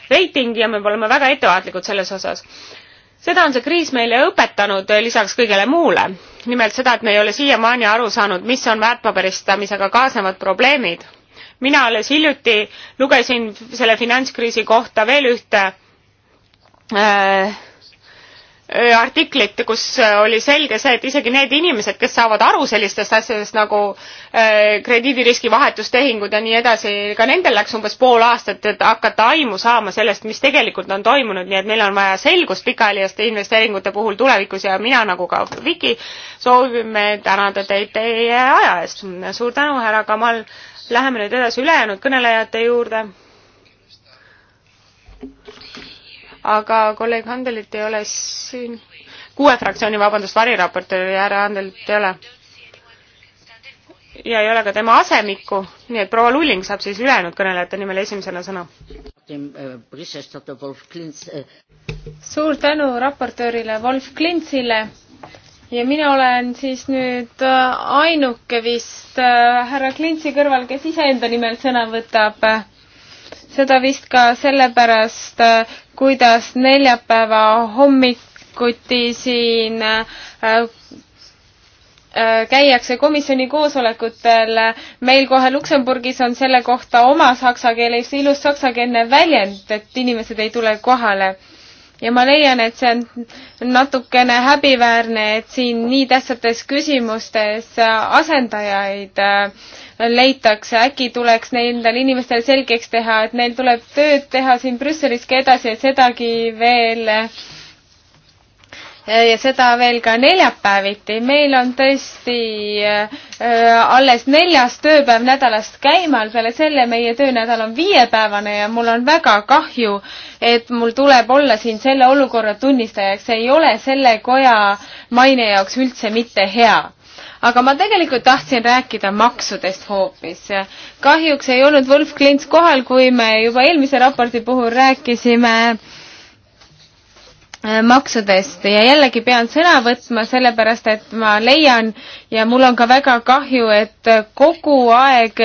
reitingi ja me oleme väga ettevaatlikud selles osas. seda on see kriis meile õpetanud äh, lisaks kõigele muule. nimelt seda, et me ei ole siiamaani aru saanud, mis on väärtpaberistamisega kaasnevad probleemid. mina alles hiljuti lugesin selle finantskriisi kohta veel ühte äh, Äh, artiklit, kus äh, oli selge see, et isegi need inimesed, kes saavad aru sellistest asjadest nagu äh, krediidiriski vahetustehingud ja nii edasi, ka nendel läks umbes pool aastat, et hakata aimu saama sellest, mis tegelikult on toimunud, nii et meil on vaja selgust pikaajaliste investeeringute puhul tulevikus ja mina nagu ka Viki soovime tänada teid teie aja eest. suur tänu, härra Kamal. Läheme nüüd edasi ülejäänud kõnelejate juurde aga kolleeg Handelit ei ole siin, kuue fraktsiooni, vabandust, variraportööri härra Handelit ei ole. ja ei ole ka tema asemikku, nii et proua Lulling saab siis ülejäänud kõnelejate nimel esimesena sõna. suur tänu raportöörile Wolf Klintsile ja mina olen siis nüüd äh, ainuke vist äh, härra Klintsi kõrval, kes iseenda nimel sõna võtab seda vist ka sellepärast, kuidas neljapäeva hommikuti siin äh, äh, käiakse komisjoni koosolekutel. meil kohe Luksemburgis on selle kohta oma saksa keeles ilus saksakeelne väljend, et inimesed ei tule kohale. ja ma leian, et see on natukene häbiväärne, et siin nii tähtsates küsimustes asendajaid äh, leitakse, äkki tuleks nendel inimestel selgeks teha, et neil tuleb tööd teha siin Brüsselis ka edasi, et sedagi veel eh, ja seda veel ka neljapäeviti. meil on tõesti eh, alles neljas tööpäev nädalast käimal, peale selle meie töönädal on viiepäevane ja mul on väga kahju, et mul tuleb olla siin selle olukorra tunnistajaks, see ei ole selle koja maine jaoks üldse mitte hea aga ma tegelikult tahtsin rääkida maksudest hoopis. kahjuks ei olnud Wolf Klints kohal, kui me juba eelmise raporti puhul rääkisime äh, maksudest ja jällegi pean sõna võtma, sellepärast et ma leian ja mul on ka väga kahju, et kogu aeg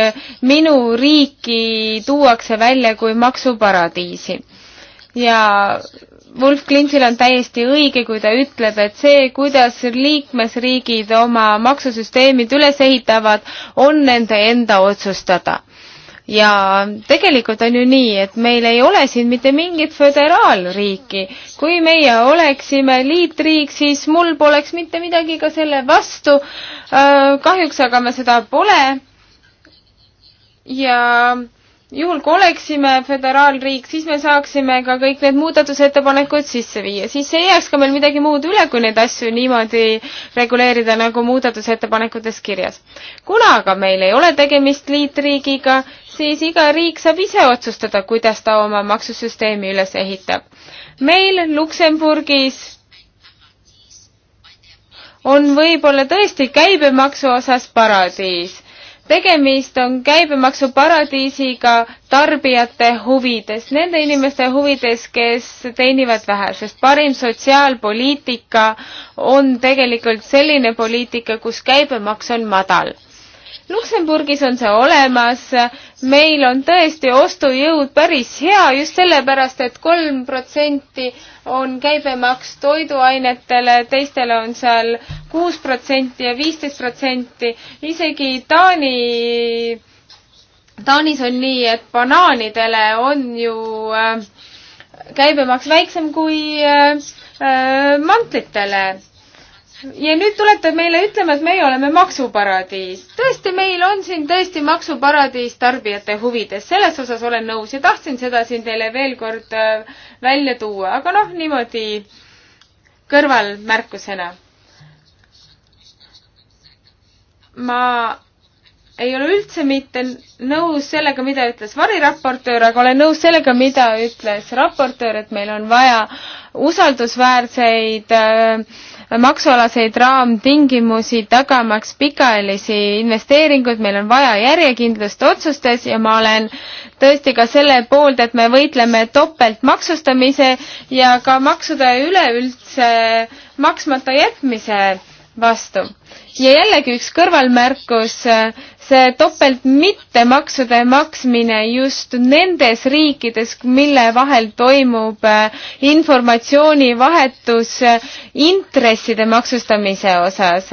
minu riiki tuuakse välja kui maksuparadiisi ja Wolf Klintil on täiesti õige, kui ta ütleb, et see, kuidas liikmesriigid oma maksusüsteemid üles ehitavad, on nende enda otsustada. ja tegelikult on ju nii, et meil ei ole siin mitte mingit föderaalriiki. kui meie oleksime liitriik, siis mul poleks mitte midagi ka selle vastu. Äh, kahjuks aga me seda pole. ja juhul kui oleksime föderaalriik, siis me saaksime ka kõik need muudatusettepanekud sisse viia, siis ei jääks ka meil midagi muud üle, kui neid asju niimoodi reguleerida nagu muudatusettepanekutes kirjas. kuna aga meil ei ole tegemist liitriigiga, siis iga riik saab ise otsustada, kuidas ta oma maksusüsteemi üles ehitab. meil Luksemburgis on võib-olla tõesti käibemaksu osas paradiis tegemist on käibemaksuparadiisiga tarbijate huvides, nende inimeste huvides, kes teenivad vähe, sest parim sotsiaalpoliitika on tegelikult selline poliitika, kus käibemaks on madal Luksemburgis on see olemas, meil on tõesti ostujõud päris hea just sellepärast et, et kolm protsenti on käibemaks toiduainetele, teistele on seal kuus protsenti ja viisteist protsenti. isegi Taani, Taanis on nii, et banaanidele on ju äh, käibemaks väiksem kui äh, äh, mantlitele ja nüüd tulete meile ütlema, et meie oleme maksuparadiis. tõesti, meil on siin tõesti maksuparadiis tarbijate huvides, selles osas olen nõus ja tahtsin seda siin teile veel kord äh, välja tuua, aga noh, niimoodi kõrvalmärkusena. ma ei ole üldse mitte nõus sellega, mida ütles variraportöör, aga olen nõus sellega, mida ütles raportöör, et meil on vaja usaldusväärseid äh, maksualaseid raamtingimusi, tagamaks pikaajalisi investeeringuid, meil on vaja järjekindlust otsustes ja ma olen tõesti ka selle poolt, et me võitleme topeltmaksustamise ja ka maksude üleüldse maksmata jätmise vastu. ja jällegi üks kõrvalmärkus, see topelt mittemaksude maksmine just nendes riikides, mille vahel toimub äh, informatsioonivahetus äh, intresside maksustamise osas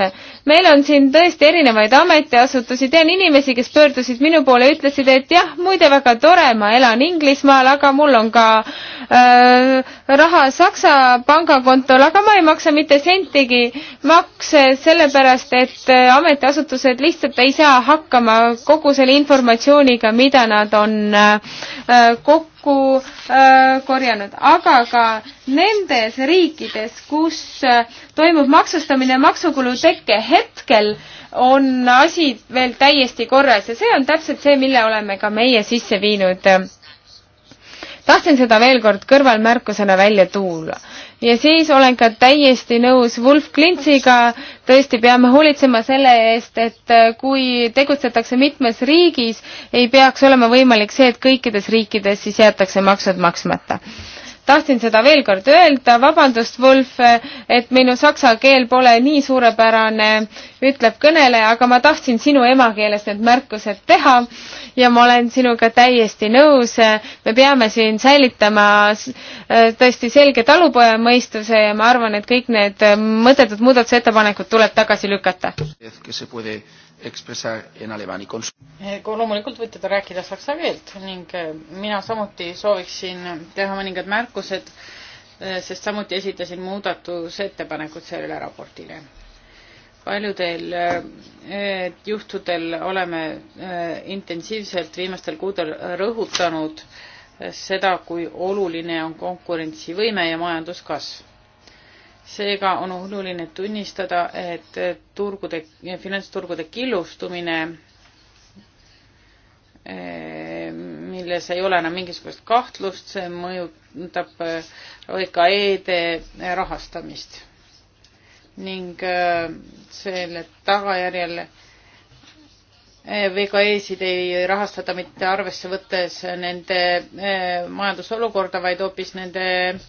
meil on siin tõesti erinevaid ametiasutusi, tean inimesi, kes pöördusid minu poole ja ütlesid, et jah, muide väga tore, ma elan Inglismaal, aga mul on ka äh, raha Saksa pangakontol, aga ma ei maksa mitte sentigi makse, sellepärast et äh, ametiasutused lihtsalt ei saa hakkama kogu selle informatsiooniga, mida nad on äh, kokku kokku äh, korjanud, aga ka nendes riikides, kus äh, toimub maksustamine maksukulu tekke hetkel, on asi veel täiesti korras ja see on täpselt see, mille oleme ka meie sisse viinud. tahtsin seda veel kord kõrvalmärkusena välja tuua ja siis olen ka täiesti nõus Wolf Klintsiga, tõesti peame hoolitsema selle eest, et äh, kui tegutsetakse mitmes riigis, ei peaks olema võimalik see, et kõikides riikides siis jäetakse maksud maksmata tahtsin seda veel kord öelda, vabandust, Wolf, et minu saksa keel pole nii suurepärane, ütleb kõneleja, aga ma tahtsin sinu emakeeles need märkused teha ja ma olen sinuga täiesti nõus. me peame siin säilitama äh, tõesti selge talupojamõistuse ja ma arvan, et kõik need mõttetud muudatusettepanekud tuleb tagasi lükata expresar en alemán. Eh, loomulikult võite te rääkida saksa keelt ning eh, mina samuti sooviksin teha mõningad märkused, eh, sest samuti esitasin muudatusettepanekud sellele raportile. paljudel juhtudel oleme intensiivselt viimastel kuudel rõhutanud seda, kui oluline on konkurentsivõime ja majanduskasv seega on oluline tunnistada, et turgude, finantsturgude killustumine, eh, milles ei ole enam mingisugust kahtlust, see mõjutab VKE-de eh, rahastamist. ning eh, selle tagajärjel VKE-sid ei rahastata mitte arvesse võttes nende majandusolukorda, vaid hoopis nende äh,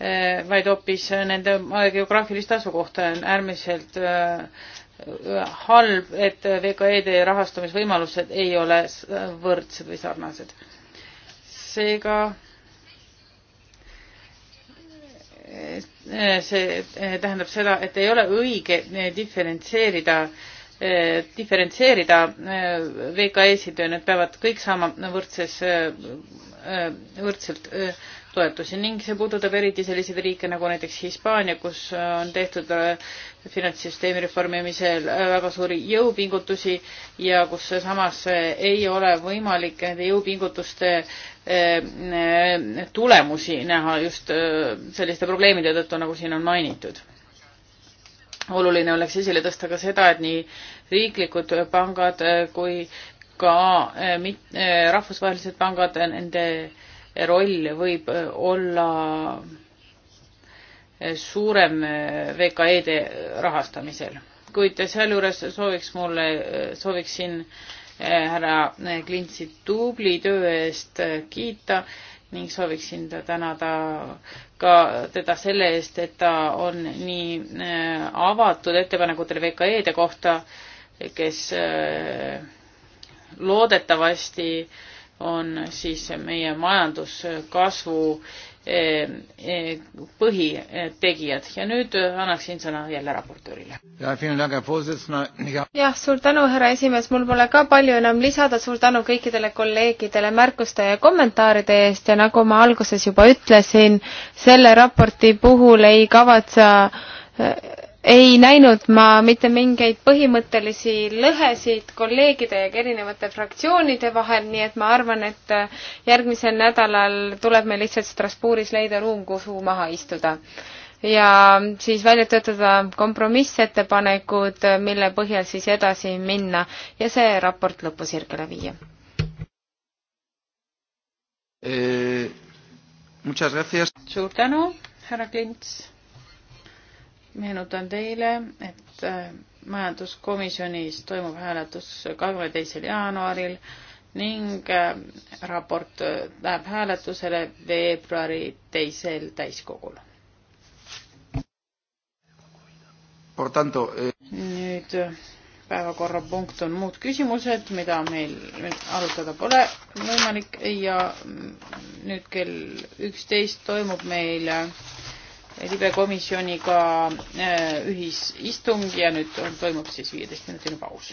Eh, vaid hoopis nende geograafilist asukohta on äärmiselt eh, halb, et VKE-de rahastamisvõimalused ei ole võrdsed või sarnased. seega eh, see tähendab seda, et ei ole õige diferentseerida, diferentseerida VKE-sid, nad peavad kõik saama võrdses, võrdselt toetusi ning see puudutab eriti selliseid riike nagu näiteks Hispaania, kus äh, on tehtud äh, finantssüsteemi reformimisel äh, väga suuri jõupingutusi ja kus samas ei ole võimalik nende jõupingutuste tulemusi näha just selliste probleemide tõttu, nagu siin on mainitud. oluline oleks esile tõsta ka seda, et nii riiklikud pangad kui ka mit-, rahvusvahelised pangad, nende roll võib äh, olla äh, suurem äh, VKE-de rahastamisel. kuid sealjuures sooviks mulle, sooviksin härra Klintsi tubli töö eest kiita ning sooviksin ta tänada ka teda selle eest, et ta on nii avatud ettepanekutele VKE-de kohta, kes loodetavasti äh, on siis meie majanduskasvu eh, eh, põhitegijad ja nüüd annaksin sõna jälle raportöörile. jah, suur tänu, härra esimees, mul pole ka palju enam lisada, suur tänu kõikidele kolleegidele märkuste ja kommentaaride eest ja nagu ma alguses juba ütlesin, selle raporti puhul ei kavatse eh, ei näinud ma mitte mingeid põhimõttelisi lõhesid kolleegide ja erinevate fraktsioonide vahel, nii et ma arvan, et äh, järgmisel nädalal tuleb meil lihtsalt Strasbourgis leida ruum, kuhu maha istuda. ja siis välja töötada kompromissettepanekud, äh, mille põhjal siis edasi minna ja see raport lõpusirgele viia eh,. suur tänu, härra Klints meenutan teile, et äh, majanduskomisjonis toimub hääletus kahekümne teisel jaanuaril ning äh, raport äh, läheb hääletusele veebruari teisel täiskogul. Eh, nüüd päevakorrapunkt on muud küsimused, mida meil arutada pole võimalik ja mm, nüüd kell üksteist toimub meil libekomisjoniga äh, ühisistung ja nüüd on, toimub siis viieteist minutine paus.